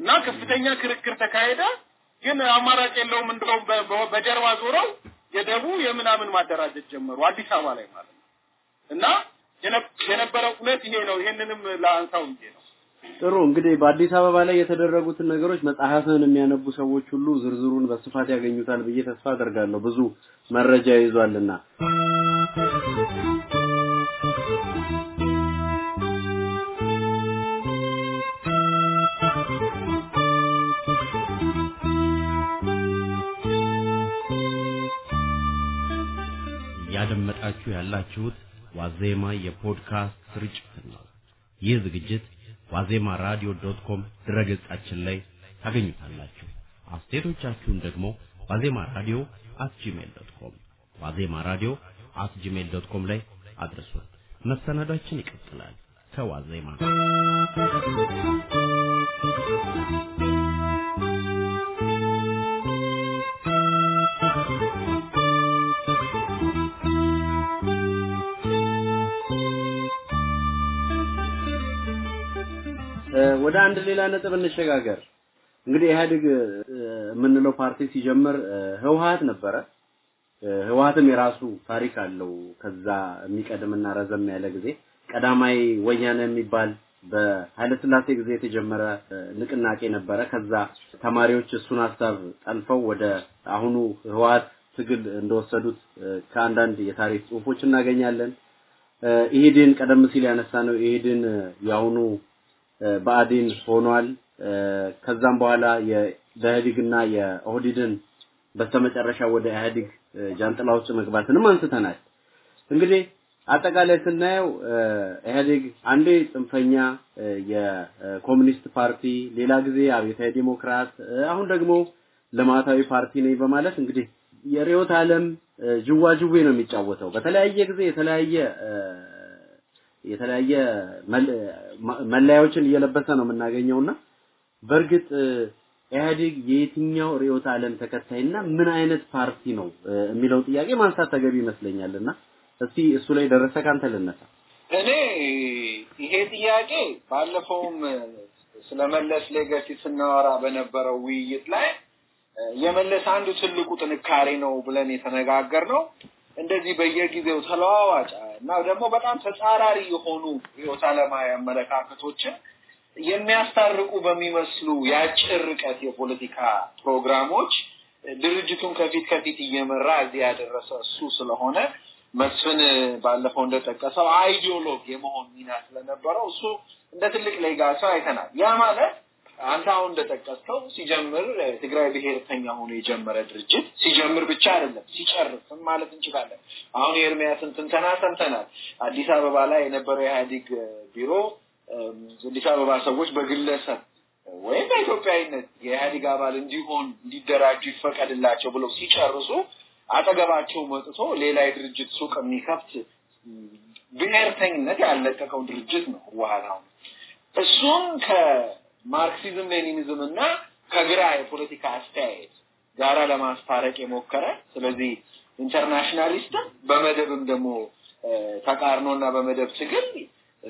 እና ከፍተኛ ክርክር ተካሄደ። ግን አማራጭ የለውም። እንደውም በጀርባ ዞረው የደቡ የምናምን ማደራጀት ጀመሩ አዲስ አበባ ላይ ማለት ነው። እና የነበረው እውነት ይሄ ነው። ይሄንንም ለአንሳው እንጂ ነው። ጥሩ እንግዲህ በአዲስ አበባ ላይ የተደረጉትን ነገሮች መጽሐፍን የሚያነቡ ሰዎች ሁሉ ዝርዝሩን በስፋት ያገኙታል ብዬ ተስፋ አደርጋለሁ። ብዙ መረጃ ይዟልና። እያደመጣችሁ ያላችሁት ዋዜማ የፖድካስት ስርጭት ነው። ይህ ዝግጅት ዋዜማ ራዲዮ ዶት ኮም ድረገጻችን ላይ ታገኙታላችሁ። አስተያየቶቻችሁን ደግሞ ዋዜማ ራዲዮ አት ጂሜል ዶት ኮም ዋዜማ ራዲዮ አት ጂሜል ዶት ኮም ላይ አድርሱ። መሰናዷችን ይቀጥላል። ከዋዜማ ወደ አንድ ሌላ ነጥብ እንሸጋገር። እንግዲህ ኢህአዴግ የምንለው ፓርቲ ሲጀምር ህወሀት ነበረ። ህወሀትም የራሱ ታሪክ አለው። ከዛ የሚቀድምና ረዘም ያለ ጊዜ ቀዳማይ ወያነ የሚባል በኃይለስላሴ ጊዜ የተጀመረ ንቅናቄ ነበረ። ከዛ ተማሪዎች እሱን ሀሳብ ጠልፈው ወደ አሁኑ ህወሀት ትግል እንደወሰዱት ከአንዳንድ የታሪክ ጽሁፎች እናገኛለን። ኢህዴን ቀደም ሲል ያነሳ ነው። ኢህዴን የአሁኑ ባዲን ሆኗል። ከዛም በኋላ የኢህአዴግና የኦህዴድን በስተመጨረሻ ወደ ኢህአዴግ ጃንጥላ ውስጥ መግባትንም አንስተናል። እንግዲህ አጠቃላይ ስናየው ኢህአዴግ አንዴ ጽንፈኛ የኮሚኒስት ፓርቲ፣ ሌላ ጊዜ አብዮታዊ ዲሞክራት፣ አሁን ደግሞ ልማታዊ ፓርቲ ነኝ በማለት እንግዲህ የርዕዮተ ዓለም ጅዋጅዌ ነው የሚጫወተው። በተለያየ ጊዜ የተለያየ የተለያየ መለያዎችን እየለበሰ ነው የምናገኘውና በእርግጥ ኢህአዴግ የየትኛው ርዕዮተ ዓለም ተከታይና ምን አይነት ፓርቲ ነው የሚለው ጥያቄ ማንሳት ተገቢ ይመስለኛልና እስቲ እሱ ላይ ደረሰ ካንተ ልነሳ። እኔ ይሄ ጥያቄ ባለፈውም ስለ መለስ ሌገሲ ስናወራ በነበረው ውይይት ላይ የመለስ አንዱ ትልቁ ጥንካሬ ነው ብለን የተነጋገር ነው እንደዚህ በየጊዜው ተለዋዋጭ እና ደግሞ በጣም ተጻራሪ የሆኑ ህይወት አለማዊ አመለካከቶችን የሚያስታርቁ በሚመስሉ የአጭር ርቀት የፖለቲካ ፕሮግራሞች ድርጅቱን ከፊት ከፊት እየመራ እዚህ ያደረሰ እሱ ስለሆነ መስፍን ባለፈው እንደጠቀሰው አይዲዮሎግ የመሆን ሚና ስለነበረው እሱ እንደ ትልቅ ሌጋሲ አይተናል። ያ ማለት አንተ አሁን እንደጠቀስከው ሲጀምር ትግራይ ብሔርተኛ ሆኖ የጀመረ ድርጅት ሲጀምር ብቻ አይደለም ሲጨርስም ማለት እንችላለን። አሁን የኤርሚያስን ትንተና ሰምተናል። አዲስ አበባ ላይ የነበረው ኢህአዴግ ቢሮ አዲስ አበባ ሰዎች በግለሰብ ወይም በኢትዮጵያዊነት የኢህአዴግ አባል እንዲሆን እንዲደራጁ ይፈቀድላቸው ብለው ሲጨርሱ አጠገባቸው መጥቶ ሌላ የድርጅት ሱቅ የሚከፍት ብሔርተኝነት ያለቀቀው ድርጅት ነው ህወሓት አሁን እሱም ማርክሲዝም ሌኒኒዝም እና ከግራ የፖለቲካ አስተያየት ጋራ ለማስታረቅ የሞከረ ስለዚህ ኢንተርናሽናሊስትም በመደብም ደግሞ ተቃርኖና በመደብ ትግል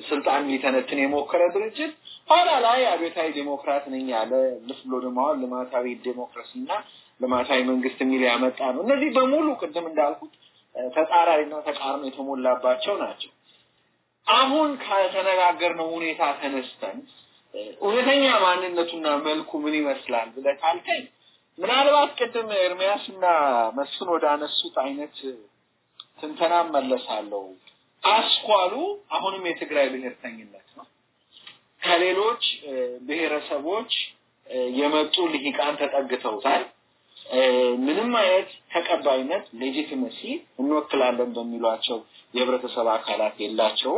ስልጣን ሊተነትን የሞከረ ድርጅት ኋላ ላይ አብዮታዊ ዴሞክራት ነኝ ያለ ምስሎ ደግሞ አሁን ልማታዊ ልማታዊ መንግስት የሚል ያመጣ ነው። እነዚህ በሙሉ ቅድም እንዳልኩት ተጻራሪና ተቃርኖ የተሞላባቸው ናቸው። አሁን ካልተነጋገርነው ሁኔታ ተነስተን እውነተኛ ማንነቱና መልኩ ምን ይመስላል ብለህ ካልከኝ ምናልባት ቅድም ኤርሚያስና መስፍን ወደ አነሱት አይነት ትንተና መለሳለሁ። አስኳሉ አሁንም የትግራይ ብሔርተኝነት ነው። ከሌሎች ብሔረሰቦች የመጡ ልሂቃን ተጠግተውታል። ምንም አይነት ተቀባይነት ሌጂቲመሲ እንወክላለን በሚሏቸው የህብረተሰብ አካላት የላቸው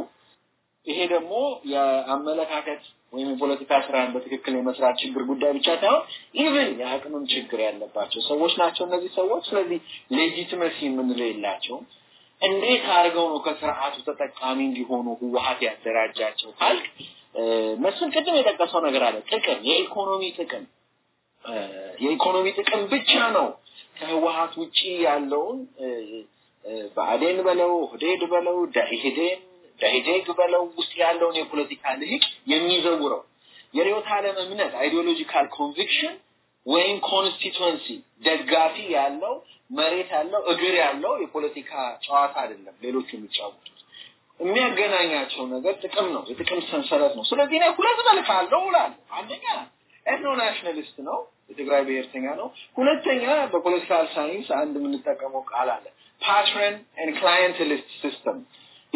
ይሄ ደግሞ የአመለካከት ወይም የፖለቲካ ስራን በትክክል የመስራት ችግር ጉዳይ ብቻ ሳይሆን ኢቨን የአቅምም ችግር ያለባቸው ሰዎች ናቸው እነዚህ ሰዎች። ስለዚህ ሌጂትመሲ የምንለው የላቸውም። እንዴት አድርገው ነው ከስርዓቱ ተጠቃሚ እንዲሆኑ ህወሀት ያደራጃቸው ካልክ መስፍን ቅድም የጠቀሰው ነገር አለ። ጥቅም፣ የኢኮኖሚ ጥቅም የኢኮኖሚ ጥቅም ብቻ ነው ከህወሀት ውጪ ያለውን ብአዴን በለው ኦህዴድ በለው ደኢህዴን ኢህዴግ ግበለው ውስጥ ያለውን የፖለቲካ ልሂቅ የሚዘውረው የርዕዮተ ዓለም እምነት አይዲዮሎጂካል ኮንቪክሽን ወይም ኮንስቲቱንሲ ደጋፊ ያለው መሬት ያለው እግር ያለው የፖለቲካ ጨዋታ አይደለም። ሌሎች የሚጫወቱት የሚያገናኛቸው ነገር ጥቅም ነው፣ የጥቅም ሰንሰለት ነው። ስለዚህ እኔ ሁለት መልክ አለው ውላል አንደኛ ኤትኖ ናሽናሊስት ነው፣ የትግራይ ብሔርተኛ ነው። ሁለተኛ በፖለቲካል ሳይንስ አንድ የምንጠቀመው ቃል አለ፣ ፓትረን ን ኤንድ ሊስት ሲስተም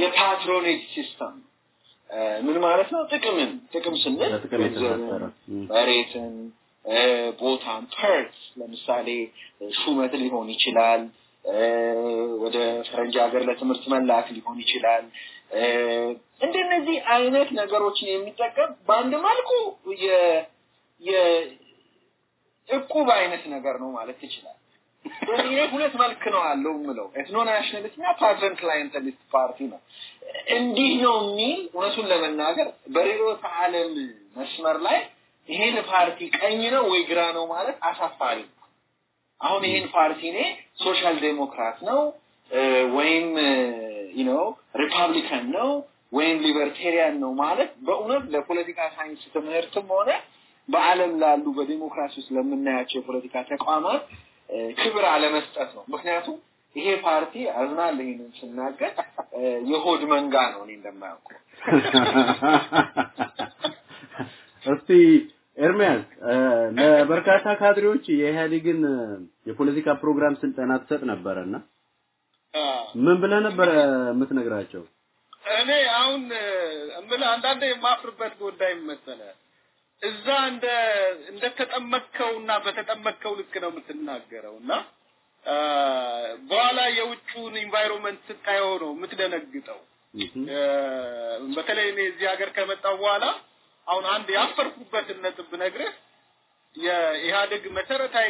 የፓትሮኔጅ ሲስተም ምን ማለት ነው? ጥቅምን ጥቅም ስንል መሬትን፣ ቦታን፣ ፐርት ለምሳሌ ሹመት ሊሆን ይችላል። ወደ ፈረንጅ ሀገር ለትምህርት መላክ ሊሆን ይችላል። እንደነዚህ አይነት ነገሮችን የሚጠቀም በአንድ መልኩ የእቁብ አይነት ነገር ነው ማለት ይችላል። እኔ ሁለት መልክ ነው አለው ምለው ኤትኖ ናሽናሊስት እና ፓትረንት ክላይንተሊስት ፓርቲ ነው። እንዲህ ነው የሚል እውነቱን ለመናገር በርዕዮተ ዓለም መስመር ላይ ይሄን ፓርቲ ቀኝ ነው ወይ ግራ ነው ማለት አሳፋሪ ነው። አሁን ይሄን ፓርቲ እኔ ሶሻል ዴሞክራት ነው ወይም ነው ሪፐብሊካን ነው ወይም ሊበርቴሪያን ነው ማለት በእውነት ለፖለቲካ ሳይንስ ትምህርትም ሆነ በአለም ላሉ በዲሞክራሲ ውስጥ ለምናያቸው የፖለቲካ ተቋማት ክብር አለመስጠት ነው። ምክንያቱም ይሄ ፓርቲ አዝናል ይህንን ስናገር የሆድ መንጋ ነው። እኔ እንደማያውቁ እስቲ ኤርሚያስ ለበርካታ ካድሬዎች የኢህአዴግን የፖለቲካ ፕሮግራም ስልጠና ትሰጥ ነበረና ምን ብለህ ነበረ የምትነግራቸው? እኔ አሁን እምልህ አንዳንዴ የማፍርበት ጉዳይ መሰለህ እዛ እንደ እንደተጠመቅከውና በተጠመከው ልክ ነው የምትናገረው እና በኋላ የውጭውን ኢንቫይሮንመንት ስታየው ነው የምትደነግጠው። በተለይ እኔ እዚህ ሀገር ከመጣ በኋላ አሁን አንድ ያፈርኩበትን ነጥብ ብነግርህ የኢህአደግ መሰረታዊ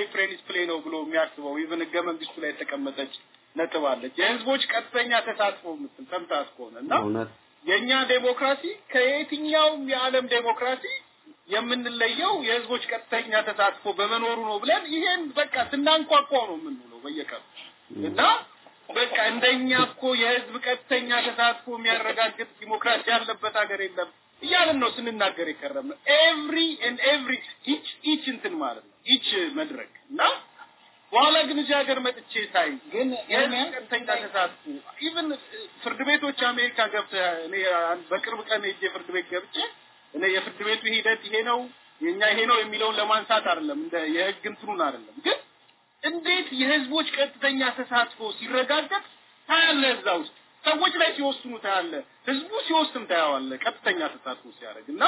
ፕሌ ነው ብሎ የሚያስበው ኢቭን ህገ መንግስቱ ላይ የተቀመጠች ነጥብ አለች። የህዝቦች ቀጥተኛ ተሳትፎ የምትል ሰምተሃት ከሆነ እና የእኛ ዴሞክራሲ ከየትኛውም የዓለም ዴሞክራሲ የምንለየው የህዝቦች ቀጥተኛ ተሳትፎ በመኖሩ ነው ብለን ይሄን በቃ ስናንቋቋው ነው የምንውለው በየቀኑ እና በቃ እንደኛ እኮ የህዝብ ቀጥተኛ ተሳትፎ የሚያረጋግጥ ዲሞክራሲ ያለበት ሀገር የለም እያልን ነው ስንናገር የከረም ነው። ኤቭሪ ኤንድ ኤቭሪ ኢች ኢች እንትን ማለት ነው ኢች መድረክ እና በኋላ ግን እዚህ ሀገር መጥቼ ሳይ ግን ቀጥተኛ ተሳትፎ ኢቨን ፍርድ ቤቶች አሜሪካ ገብተ በቅርብ ቀን ሄጄ ፍርድ ቤት ገብቼ እኔ የፍርድ ቤቱ ሂደት ይሄ ነው የኛ ይሄ ነው የሚለውን ለማንሳት አይደለም፣ እንደ የህግ እንትኑን አይደለም። ግን እንዴት የህዝቦች ቀጥተኛ ተሳትፎ ሲረጋገጥ ታያለ። እዛ ውስጥ ሰዎች ላይ ሲወስኑ ታያለ፣ ህዝቡ ሲወስን ታያዋለ። ቀጥተኛ ተሳትፎ ሲያደርግ እና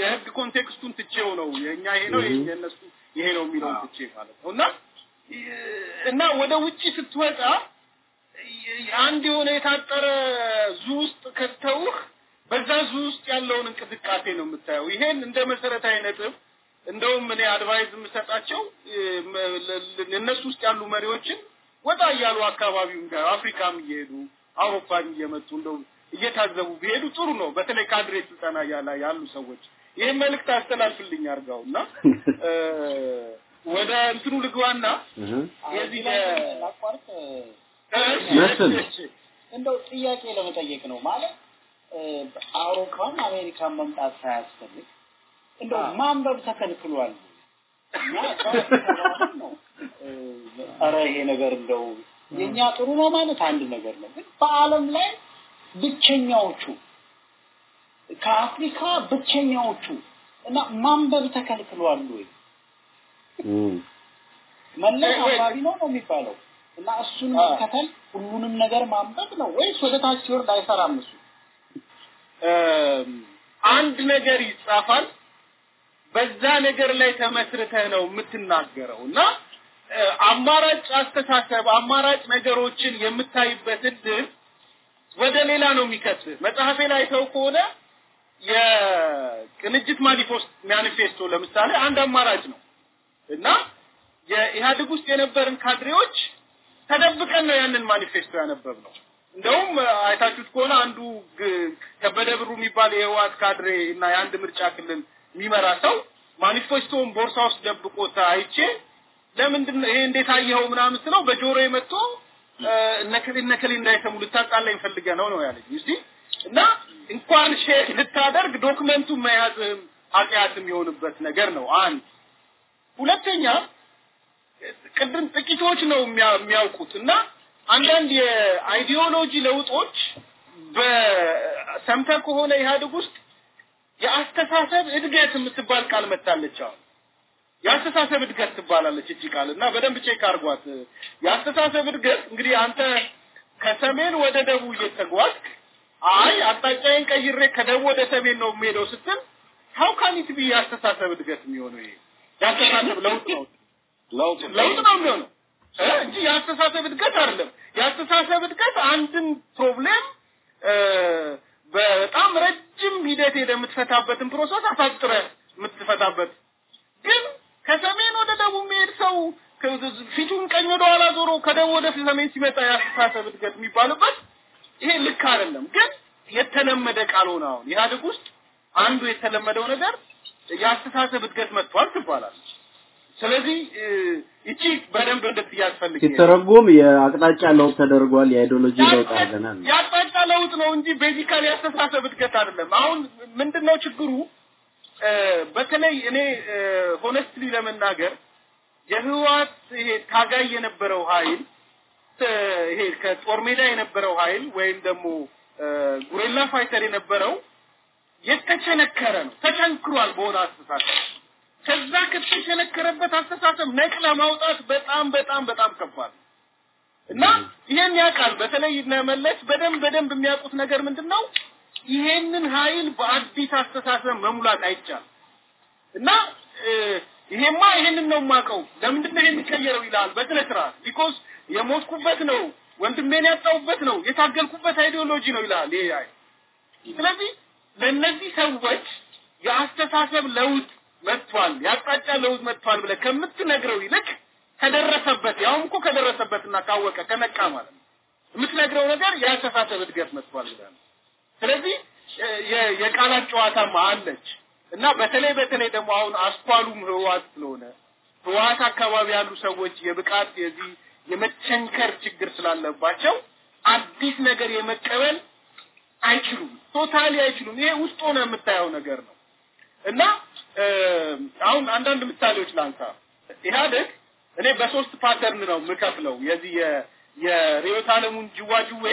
የህግ ኮንቴክስቱን ትቼው ነው የኛ ይሄ ነው የነሱ ይሄ ነው የሚለውን ትቼ ማለት ነው እና እና ወደ ውጪ ስትወጣ አንድ የሆነ የታጠረ ዙ ውስጥ ከተውህ በዛ ውስጥ ያለውን እንቅስቃሴ ነው የምታየው። ይሄን እንደ መሰረታዊ ነጥብ እንደውም እኔ አድቫይዝ የምሰጣቸው እነሱ ውስጥ ያሉ መሪዎችን ወጣ እያሉ አካባቢውን ጋር አፍሪካም እየሄዱ አውሮፓም እየመጡ እንደው እየታዘቡ ቢሄዱ ጥሩ ነው። በተለይ ካድሬ ስልጠና ያላ ያሉ ሰዎች ይህን መልእክት አስተላልፍልኝ አርጋው እና ወደ እንትኑ ልግባና የዚህ ላቋርጥ እንደው ጥያቄ ለመጠየቅ ነው ማለት አውሮፓን አሜሪካን መምጣት ሳያስፈልግ እንደው ማንበብ ተከልክሏል ኧረ ይሄ ነገር እንደው የኛ ጥሩ ነው ማለት አንድ ነገር ነው፣ ግን በዓለም ላይ ብቸኛዎቹ ከአፍሪካ ብቸኛዎቹ እና ማንበብ ተከልክሏል ወይ መለስ አንባቢ ነው ነው የሚባለው እና እሱን መከተል ሁሉንም ነገር ማንበብ ነው ወይስ ወደ ታች ሲወርድ አይሰራም እሱ? አንድ ነገር ይጻፋል። በዛ ነገር ላይ ተመስርተ ነው የምትናገረው እና አማራጭ አስተሳሰብ አማራጭ ነገሮችን የምታይበት እድል ወደ ሌላ ነው የሚከት መጽሐፌ ላይ ተው ከሆነ የቅንጅት ማኒፌስቶ ማኒፌስቶ ለምሳሌ አንድ አማራጭ ነው እና የኢህአዴግ ውስጥ የነበርን ካድሬዎች ተደብቀን ነው ያንን ማኒፌስቶ ያነበብነው። እንደውም አይታችሁት ከሆነ አንዱ ከበደ ብሩ የሚባል የህወሓት ካድሬ እና የአንድ ምርጫ ክልል የሚመራ ሰው ማኒፌስቶውን ቦርሳ ውስጥ ደብቆት አይቼ ለምንድን ይሄ እንዴት አየኸው ምናምን ስለው በጆሮዬ መጥቶ እነከሌ እነከሌ እንዳይሰሙ ልታጣላኝ ፈልገ ነው ነው ያለኝ። እስቲ እና እንኳን ሼር ልታደርግ ዶክመንቱን መያዝህም ኃጢአት የሚሆንበት ነገር ነው። አንድ ሁለተኛ ቅድም ጥቂቶች ነው የሚያውቁት እና አንዳንድ የአይዲዮሎጂ ለውጦች በሰምተ ከሆነ ኢህአዴግ ውስጥ የአስተሳሰብ እድገት የምትባል ቃል መታለች። አሁን የአስተሳሰብ እድገት ትባላለች እቺ ቃል እና በደንብ ቼክ አርጓት የአስተሳሰብ እድገት እንግዲህ አንተ ከሰሜን ወደ ደቡብ እየተጓዝክ አይ አቅጣጫዬን ቀይሬ ከደቡብ ወደ ሰሜን ነው የምሄደው ስትል ሀው ካን ኢት ቢ የአስተሳሰብ እድገት የሚሆነው ይሄ የአስተሳሰብ ለውጥ ነው ለውጥ ነው የሚሆነው እንጂ የአስተሳሰብ እድገት አይደለም። የአስተሳሰብ እድገት አንድን ፕሮብሌም በጣም ረጅም ሂደት ሄደ የምትፈታበትን ፕሮሰስ አሳጥረ የምትፈታበት ግን ከሰሜን ወደ ደቡብ መሄድ ሰው ፊቱን ቀኝ ወደ ኋላ ዞሮ ከደቡብ ወደ ሰሜን ሲመጣ የአስተሳሰብ እድገት የሚባልበት ይሄ ልክ አይደለም። ግን የተለመደ ቃል ሆነ አሁን ኢህአዴግ ውስጥ አንዱ የተለመደው ነገር የአስተሳሰብ እድገት መጥቷል ትባላለች። ስለዚህ እቺ በደንብ እንድት ያስፈልግ ሲተረጎም የአቅጣጫ ለውጥ ተደርጓል። የአይዲዮሎጂ ለውጥ አድርገናል። የአቅጣጫ ለውጥ ነው እንጂ ቤዚካሊ አስተሳሰብ እድገት አይደለም። አሁን ምንድነው ችግሩ? በተለይ እኔ ሆነስትሊ ለመናገር የህዋት ይሄ ታጋይ የነበረው ኃይል ይሄ ከጦር ሜዳ የነበረው ኃይል ወይም ደግሞ ጉሬላ ፋይተር የነበረው የተቸነከረ ነው፣ ተቸንክሯል በሆነ አስተሳሰብ ከዛ ክፍት አስተሳሰብ ነቅላ ማውጣት በጣም በጣም በጣም ከባድ እና ይሄን ያውቃል። በተለይ መለስ በደንብ በደንብ የሚያውቁት ነገር ምንድን ነው? ይሄንን ኃይል በአዲስ አስተሳሰብ መሙላት አይቻል እና ይሄማ ይሄንን ነው የማውቀው፣ ለምንድን ነው የሚቀየረው ይላል በስነ ስርዓት ቢኮዝ የሞትኩበት ነው ወንድሜን ያጣሁበት ነው የታገልኩበት አይዲዮሎጂ ነው ይላል ይሄ ስለዚህ ለእነዚህ ሰዎች የአስተሳሰብ ለውጥ መጥቷል ያቅጣጫ ለውጥ መጥቷል ብለ ከምትነግረው ይልቅ ከደረሰበት ያውም እኮ ከደረሰበትና ካወቀ ከነቃ ማለት ነው የምትነግረው ነገር የአስተሳሰብ እድገት መጥቷል ይላል ስለዚህ የቃላት ጨዋታም አለች እና በተለይ በተለይ ደግሞ አሁን አስኳሉም ህወሓት ስለሆነ ህወሓት አካባቢ ያሉ ሰዎች የብቃት የዚህ የመቸንከር ችግር ስላለባቸው አዲስ ነገር የመቀበል አይችሉም። ቶታሊ አይችሉም። ይሄ ውስጥ ሆነ የምታየው ነገር ነው እና አሁን አንዳንድ ምሳሌዎች ላንሳ። ኢህአደግ እኔ በሶስት ፓተርን ነው የምከፍለው የዚህ የርዕዮተ አለሙን ጅዋጅዌ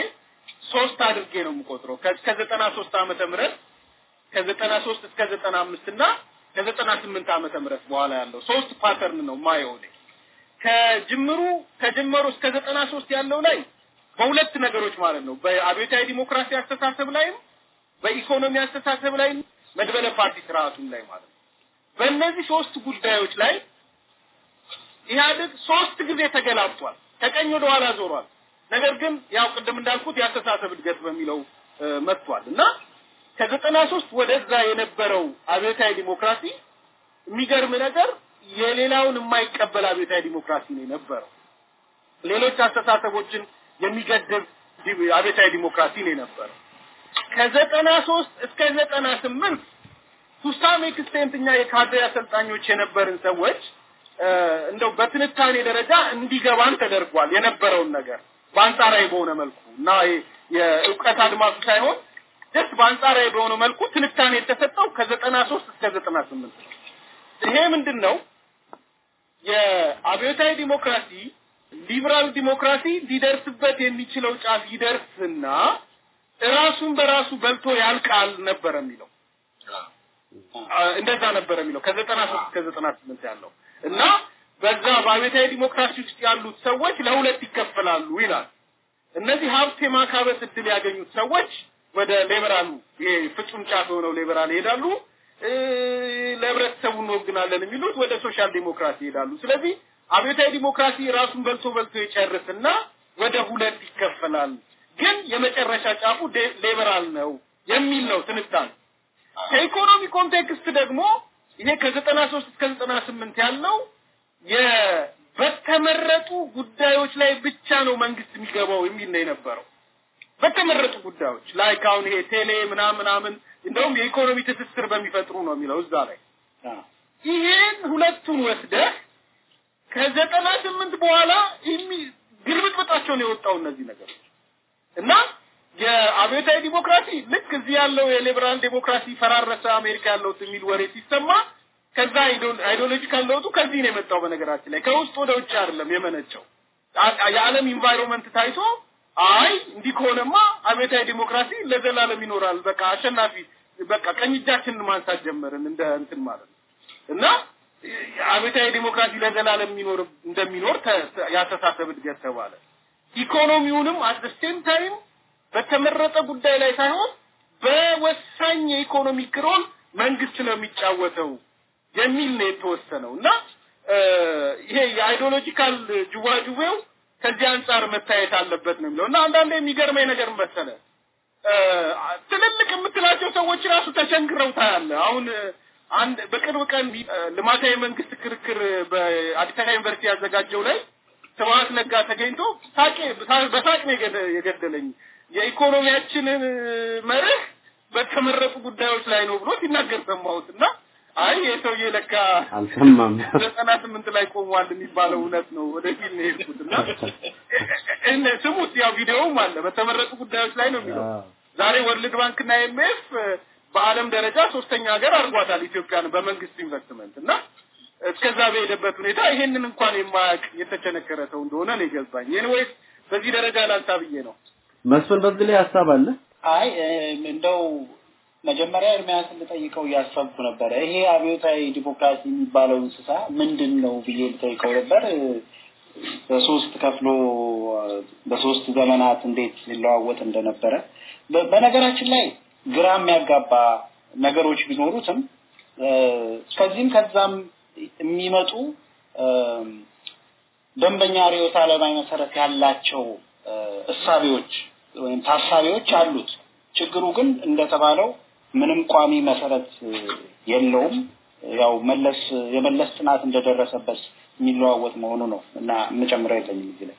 ሶስት አድርጌ ነው የምቆጥረው ከ93 ዓመተ ምህረት ከ93 እስከ 95 እና ከ98 ዓመተ ምህረት በኋላ ያለው ሶስት ፓተርን ነው ማየው ነው ከጅምሩ ከጅምሩ እስከ 93 ያለው ላይ በሁለት ነገሮች ማለት ነው በአብዮታዊ ዲሞክራሲ አስተሳሰብ ላይም በኢኮኖሚ አስተሳሰብ ላይም መድበለ ፓርቲ ስርዓቱን ላይ ማለት ነው በእነዚህ ሶስት ጉዳዮች ላይ ኢህአዴግ ሶስት ጊዜ ተገላብጧል፣ ከቀኝ ወደ ኋላ ዞሯል። ነገር ግን ያው ቅድም እንዳልኩት የአስተሳሰብ እድገት በሚለው መጥቷል እና ከዘጠና ሶስት ወደዛ የነበረው አብዮታዊ ዲሞክራሲ የሚገርም ነገር የሌላውን የማይቀበል አብዮታዊ ዲሞክራሲ ነው የነበረው። ሌሎች አስተሳሰቦችን የሚገድብ አብዮታዊ ዲሞክራሲ ነው የነበረው። ከዘጠና ሶስት እስከ ዘጠና ስምንት ቱሳም ኤክስቴንት እኛ የካድሬ አሰልጣኞች የነበርን ሰዎች እንደው በትንታኔ ደረጃ እንዲገባን ተደርጓል የነበረውን ነገር በአንጻራዊ በሆነ መልኩ እና የእውቀት አድማሱ ሳይሆን ደስ በአንጻራዊ በሆነ መልኩ ትንታኔ የተሰጠው ከዘጠና ሶስት እስከ ዘጠና ስምንት ይሄ ምንድን ነው የአብዮታዊ ዲሞክራሲ ሊበራል ዲሞክራሲ ሊደርስበት የሚችለው ጫፍ ይደርስና ራሱን በራሱ በልቶ ያልቃል ነበር የሚለው እንደዛ ነበረ የሚለው ከዘጠና ሶስት ከዘጠና ስምንት ያለው እና በዛ በአቤታዊ ዲሞክራሲ ውስጥ ያሉት ሰዎች ለሁለት ይከፈላሉ ይላል። እነዚህ ሀብት የማካበት እድል ያገኙት ሰዎች ወደ ሌበራሉ ይሄ ፍጹም ጫፍ የሆነው ሌበራል ይሄዳሉ። ለህብረተሰቡ እንወግናለን የሚሉት ወደ ሶሻል ዲሞክራሲ ይሄዳሉ። ስለዚህ አብዮታዊ ዲሞክራሲ ራሱን በልቶ በልቶ ይጨርስና ወደ ሁለት ይከፈላል። ግን የመጨረሻ ጫፉ ሌበራል ነው የሚል ነው ትንታኔ ከኢኮኖሚ ኮንቴክስት ደግሞ ይሄ ከዘጠና 93 እስከ 98 ያለው በተመረጡ ጉዳዮች ላይ ብቻ ነው መንግስት የሚገባው የሚል ነው የነበረው። በተመረጡ ጉዳዮች ላይክ አሁን ይሄ ቴሌ ምናምን ምናምን እንደውም የኢኮኖሚ ትስስር በሚፈጥሩ ነው የሚለው እዛ ላይ ይሄን ሁለቱን ወስደህ ከዘጠና ስምንት በኋላ ግርብጥብጣቸው ነው የወጣው እነዚህ ነገሮች እና የአብዮታዊ ዲሞክራሲ ልክ እዚህ ያለው የሊበራል ዲሞክራሲ ፈራረሰ አሜሪካ ያለውት የሚል ወሬ ሲሰማ ከዛ አይዲዮሎጂካል ለውጡ ከዚህ ነው የመጣው። በነገራችን ላይ ከውስጥ ወደ ውጭ አይደለም የመነጨው። የዓለም ኢንቫይሮንመንት ታይቶ አይ እንዲህ ከሆነማ አብዮታዊ ዲሞክራሲ ለዘላለም ይኖራል፣ በቃ አሸናፊ በቃ ቀኝ እጃችንን ማንሳት ጀመርን እንደ እንትን ማለት ነው እና አብዮታዊ ዲሞክራሲ ለዘላለም የሚኖር እንደሚኖር ያስተሳሰብ እድገት ተባለ። ኢኮኖሚውንም አት ሴም ታይም በተመረጠ ጉዳይ ላይ ሳይሆን በወሳኝ የኢኮኖሚ ክሮን መንግስት ነው የሚጫወተው የሚል ነው የተወሰነው እና ይሄ የአይዲዮሎጂካል ጅዋጅዌው ከዚህ አንጻር መታየት አለበት ነው የሚለው እና አንዳንዴ የሚገርመኝ ነገር መሰለ ትልልቅ የምትላቸው ሰዎች ራሱ ተቸንግረው ታያለ። አሁን አንድ በቅርብ ቀን ልማታዊ መንግስት ክርክር በአዲስ አበባ ዩኒቨርሲቲ ያዘጋጀው ላይ ስብሀት ነጋ ተገኝቶ ሳቄ በሳቅ ነው የገደለኝ የኢኮኖሚያችንን መርህ በተመረጡ ጉዳዮች ላይ ነው ብሎ ሲናገር ሰማሁት እና አይ የሰውዬ ለካ አልሰማም ዘጠና ስምንት ላይ ቆሟል የሚባለው እውነት ነው ወደፊት ነው የሄድኩት እና እነ ስሙት ያው ቪዲዮውም አለ በተመረጡ ጉዳዮች ላይ ነው የሚለው ዛሬ ወርልድ ባንክ እና ኤምኤፍ በአለም ደረጃ ሶስተኛ ሀገር አድርጓታል ኢትዮጵያን በመንግስት ኢንቨስትመንት እና እስከዛ በሄደበት ሁኔታ ይሄንን እንኳን የማያውቅ የተቸነከረ ሰው እንደሆነ ነው የገባኝ ወይስ በዚህ ደረጃ ላንሳ ብዬ ነው መስፍን በዚህ ላይ ሐሳብ አለ? አይ እንደው መጀመሪያ እርሚያስ ልጠይቀው እያሰብኩ ነበረ። ይሄ አብዮታዊ ዲሞክራሲ የሚባለው እንስሳ ምንድን ነው ብዬ ልጠይቀው ነበር። በሶስት ከፍሎ በሶስት ዘመናት እንዴት ሊለዋወጥ እንደነበረ በነገራችን ላይ ግራ የሚያጋባ ነገሮች ቢኖሩትም ከዚህም ከዛም የሚመጡ ደንበኛ ርዕዮተ ዓለማዊ መሰረት ያላቸው እሳቤዎች ወይም ታሳቢዎች አሉት። ችግሩ ግን እንደተባለው ምንም ቋሚ መሰረት የለውም። ያው መለስ የመለስ ጥናት እንደደረሰበት የሚለዋወጥ መሆኑ ነው እና የምጨምረው የለኝም እዚህ ላይ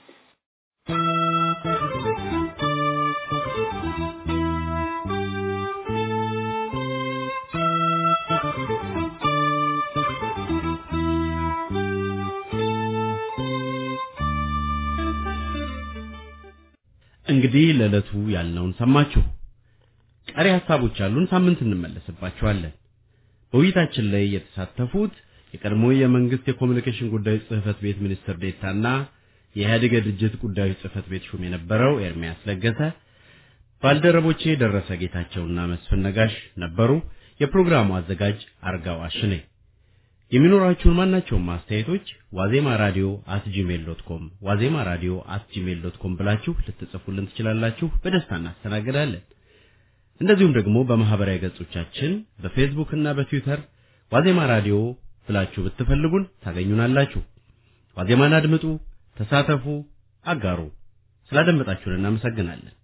እንግዲህ ለዕለቱ ያልነውን ሰማችሁ። ቀሪ ሐሳቦች አሉን፣ ሳምንት እንመለስባቸዋለን። በውይይታችን ላይ የተሳተፉት የቀድሞ የመንግስት የኮሚኒኬሽን ጉዳዮች ጽህፈት ቤት ሚኒስትር ዴታና የኢህአዴግ ድርጅት ጉዳዮች ጽህፈት ቤት ሹም የነበረው ኤርሚያስ ለገሰ፣ ባልደረቦቼ ደረሰ ጌታቸውና መስፍን ነጋሽ ነበሩ። የፕሮግራሙ አዘጋጅ አርጋው አሽኔ የሚኖራችሁን ማናቸውም አስተያየቶች ዋዜማ ራዲዮ አት ጂሜል ዶት ኮም ዋዜማ ራዲዮ አት ጂሜል ዶት ኮም ብላችሁ ልትጽፉልን ትችላላችሁ። በደስታ እናስተናግዳለን። እንደዚሁም ደግሞ በማህበራዊ ገጾቻችን በፌስቡክ እና በትዊተር ዋዜማ ራዲዮ ብላችሁ ብትፈልጉን ታገኙናላችሁ። ዋዜማን አድምጡ፣ ተሳተፉ፣ አጋሩ። ስላደመጣችሁን እናመሰግናለን።